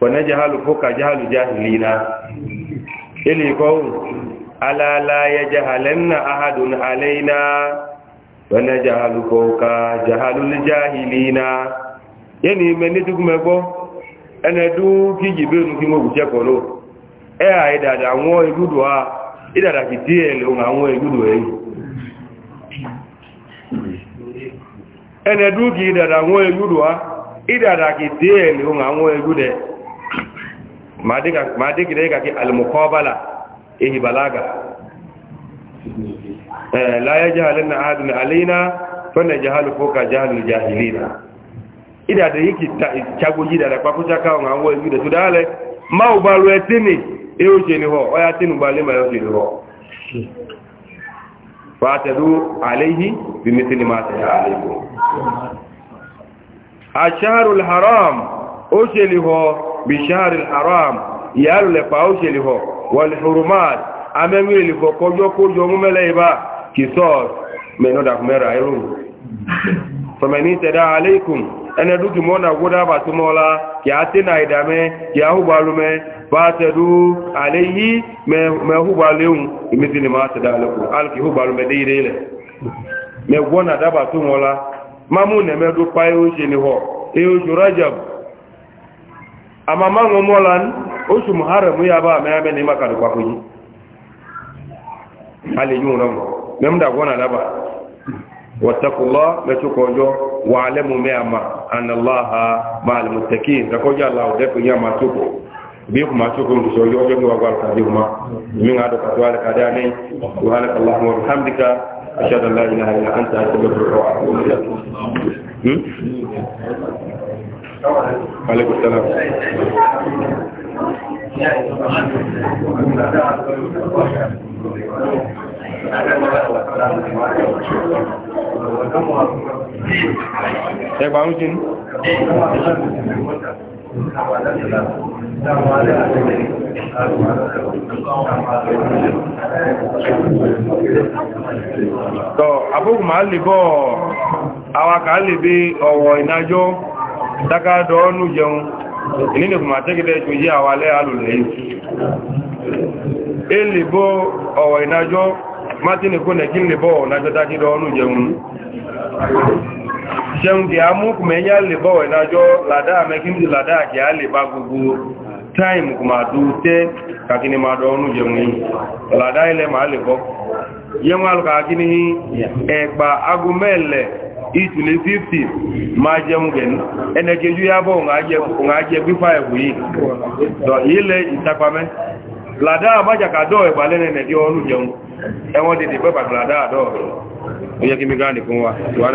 wọnà jahalu fọkà jahalu jahilina e alala yẹni ẹnẹdú kí jìbéèrú kí wọ́n bùjẹ́ kọ̀lọ́ ẹ à ìdàdà àwọn ìlúdò a ìdàdà kì tí ẹ̀lẹ̀ ohun àwọn ìlúdò ẹ̀yìn ẹnẹdú kí ìdàdà àwọn ìlúdò a ìdàdà kì tí ẹ̀lẹ̀ ohun àwọn ìlúdẹ máa dé kìdẹ́ kàkí alìmọ̀kọ́bálà ida da yake chago ji da da kwa kuta kawo nga wo yuda tudale ma u balu etini e o je ni ho o ya tinu bale ma yo je ni ho fatadu alayhi bi mithli ma ta alaykum asharu alharam o ni ho bi shahr alharam ya le pa o je ni ho wal hurumat amemi le ko kojo kojo mu mele iba kisos menoda kumera iru فمن يتدعى عليكم ene duki mona guda ba tumola ki atina idame ki ahubalu me fatadu alayhi me me ti imithili ma tadalaku alki hubalu me deire ile me wona daba tumola mamune me du pa yo e o e rajab ama ya ba ni واتقوا الله ما تكونوا واعلموا ما ما ان الله مع المتقين تكون الله ديك يا ما تكو بيكم ما تكو سو يو يو وقال ما من هذا قال كداني سبحانك اللهم وبحمدك اشهد ان لا اله الا انت استغفرك واتوب اليك وعليكم السلام Yeah, it's a ẹgbà ń jìn tọ́ abúkù máa lè bọ́ àwàkà lè bí ọ̀wọ̀ ìnájọ́ dákádọ́ ọ́nù jẹun ìlínìkù máa tẹ́gẹ́dẹ́ ìjò yí àwà alẹ́ alùlẹ̀ yìí. èlè bọ́ ọ̀wọ̀ ìnájọ́ martin koneki lebọ na ajọtagide ọnụ jenwu jẹun kì á mú kùmẹ̀ yá lè bọ́wẹ̀ ìdájọ́ làdáà mẹ́kí ní làdáà kì á lè bá gbogbo táìmù kùmà tó tẹ́ kàkíní máa dọ̀ jẹun yìí ilẹ̀ máa lè bọ́ yẹun alùkàkíní ẹgbà ìtùlé 50 máa jẹun yábọ̀ jẹ yìí blada abájàkà dọ́ ẹ̀bà lẹ́nẹ̀ẹ́ di ọlú jẹun ẹwọ́n dìde pẹ́pà blada àdọ́ ọ̀yẹ́kí mi gáà nìkan wa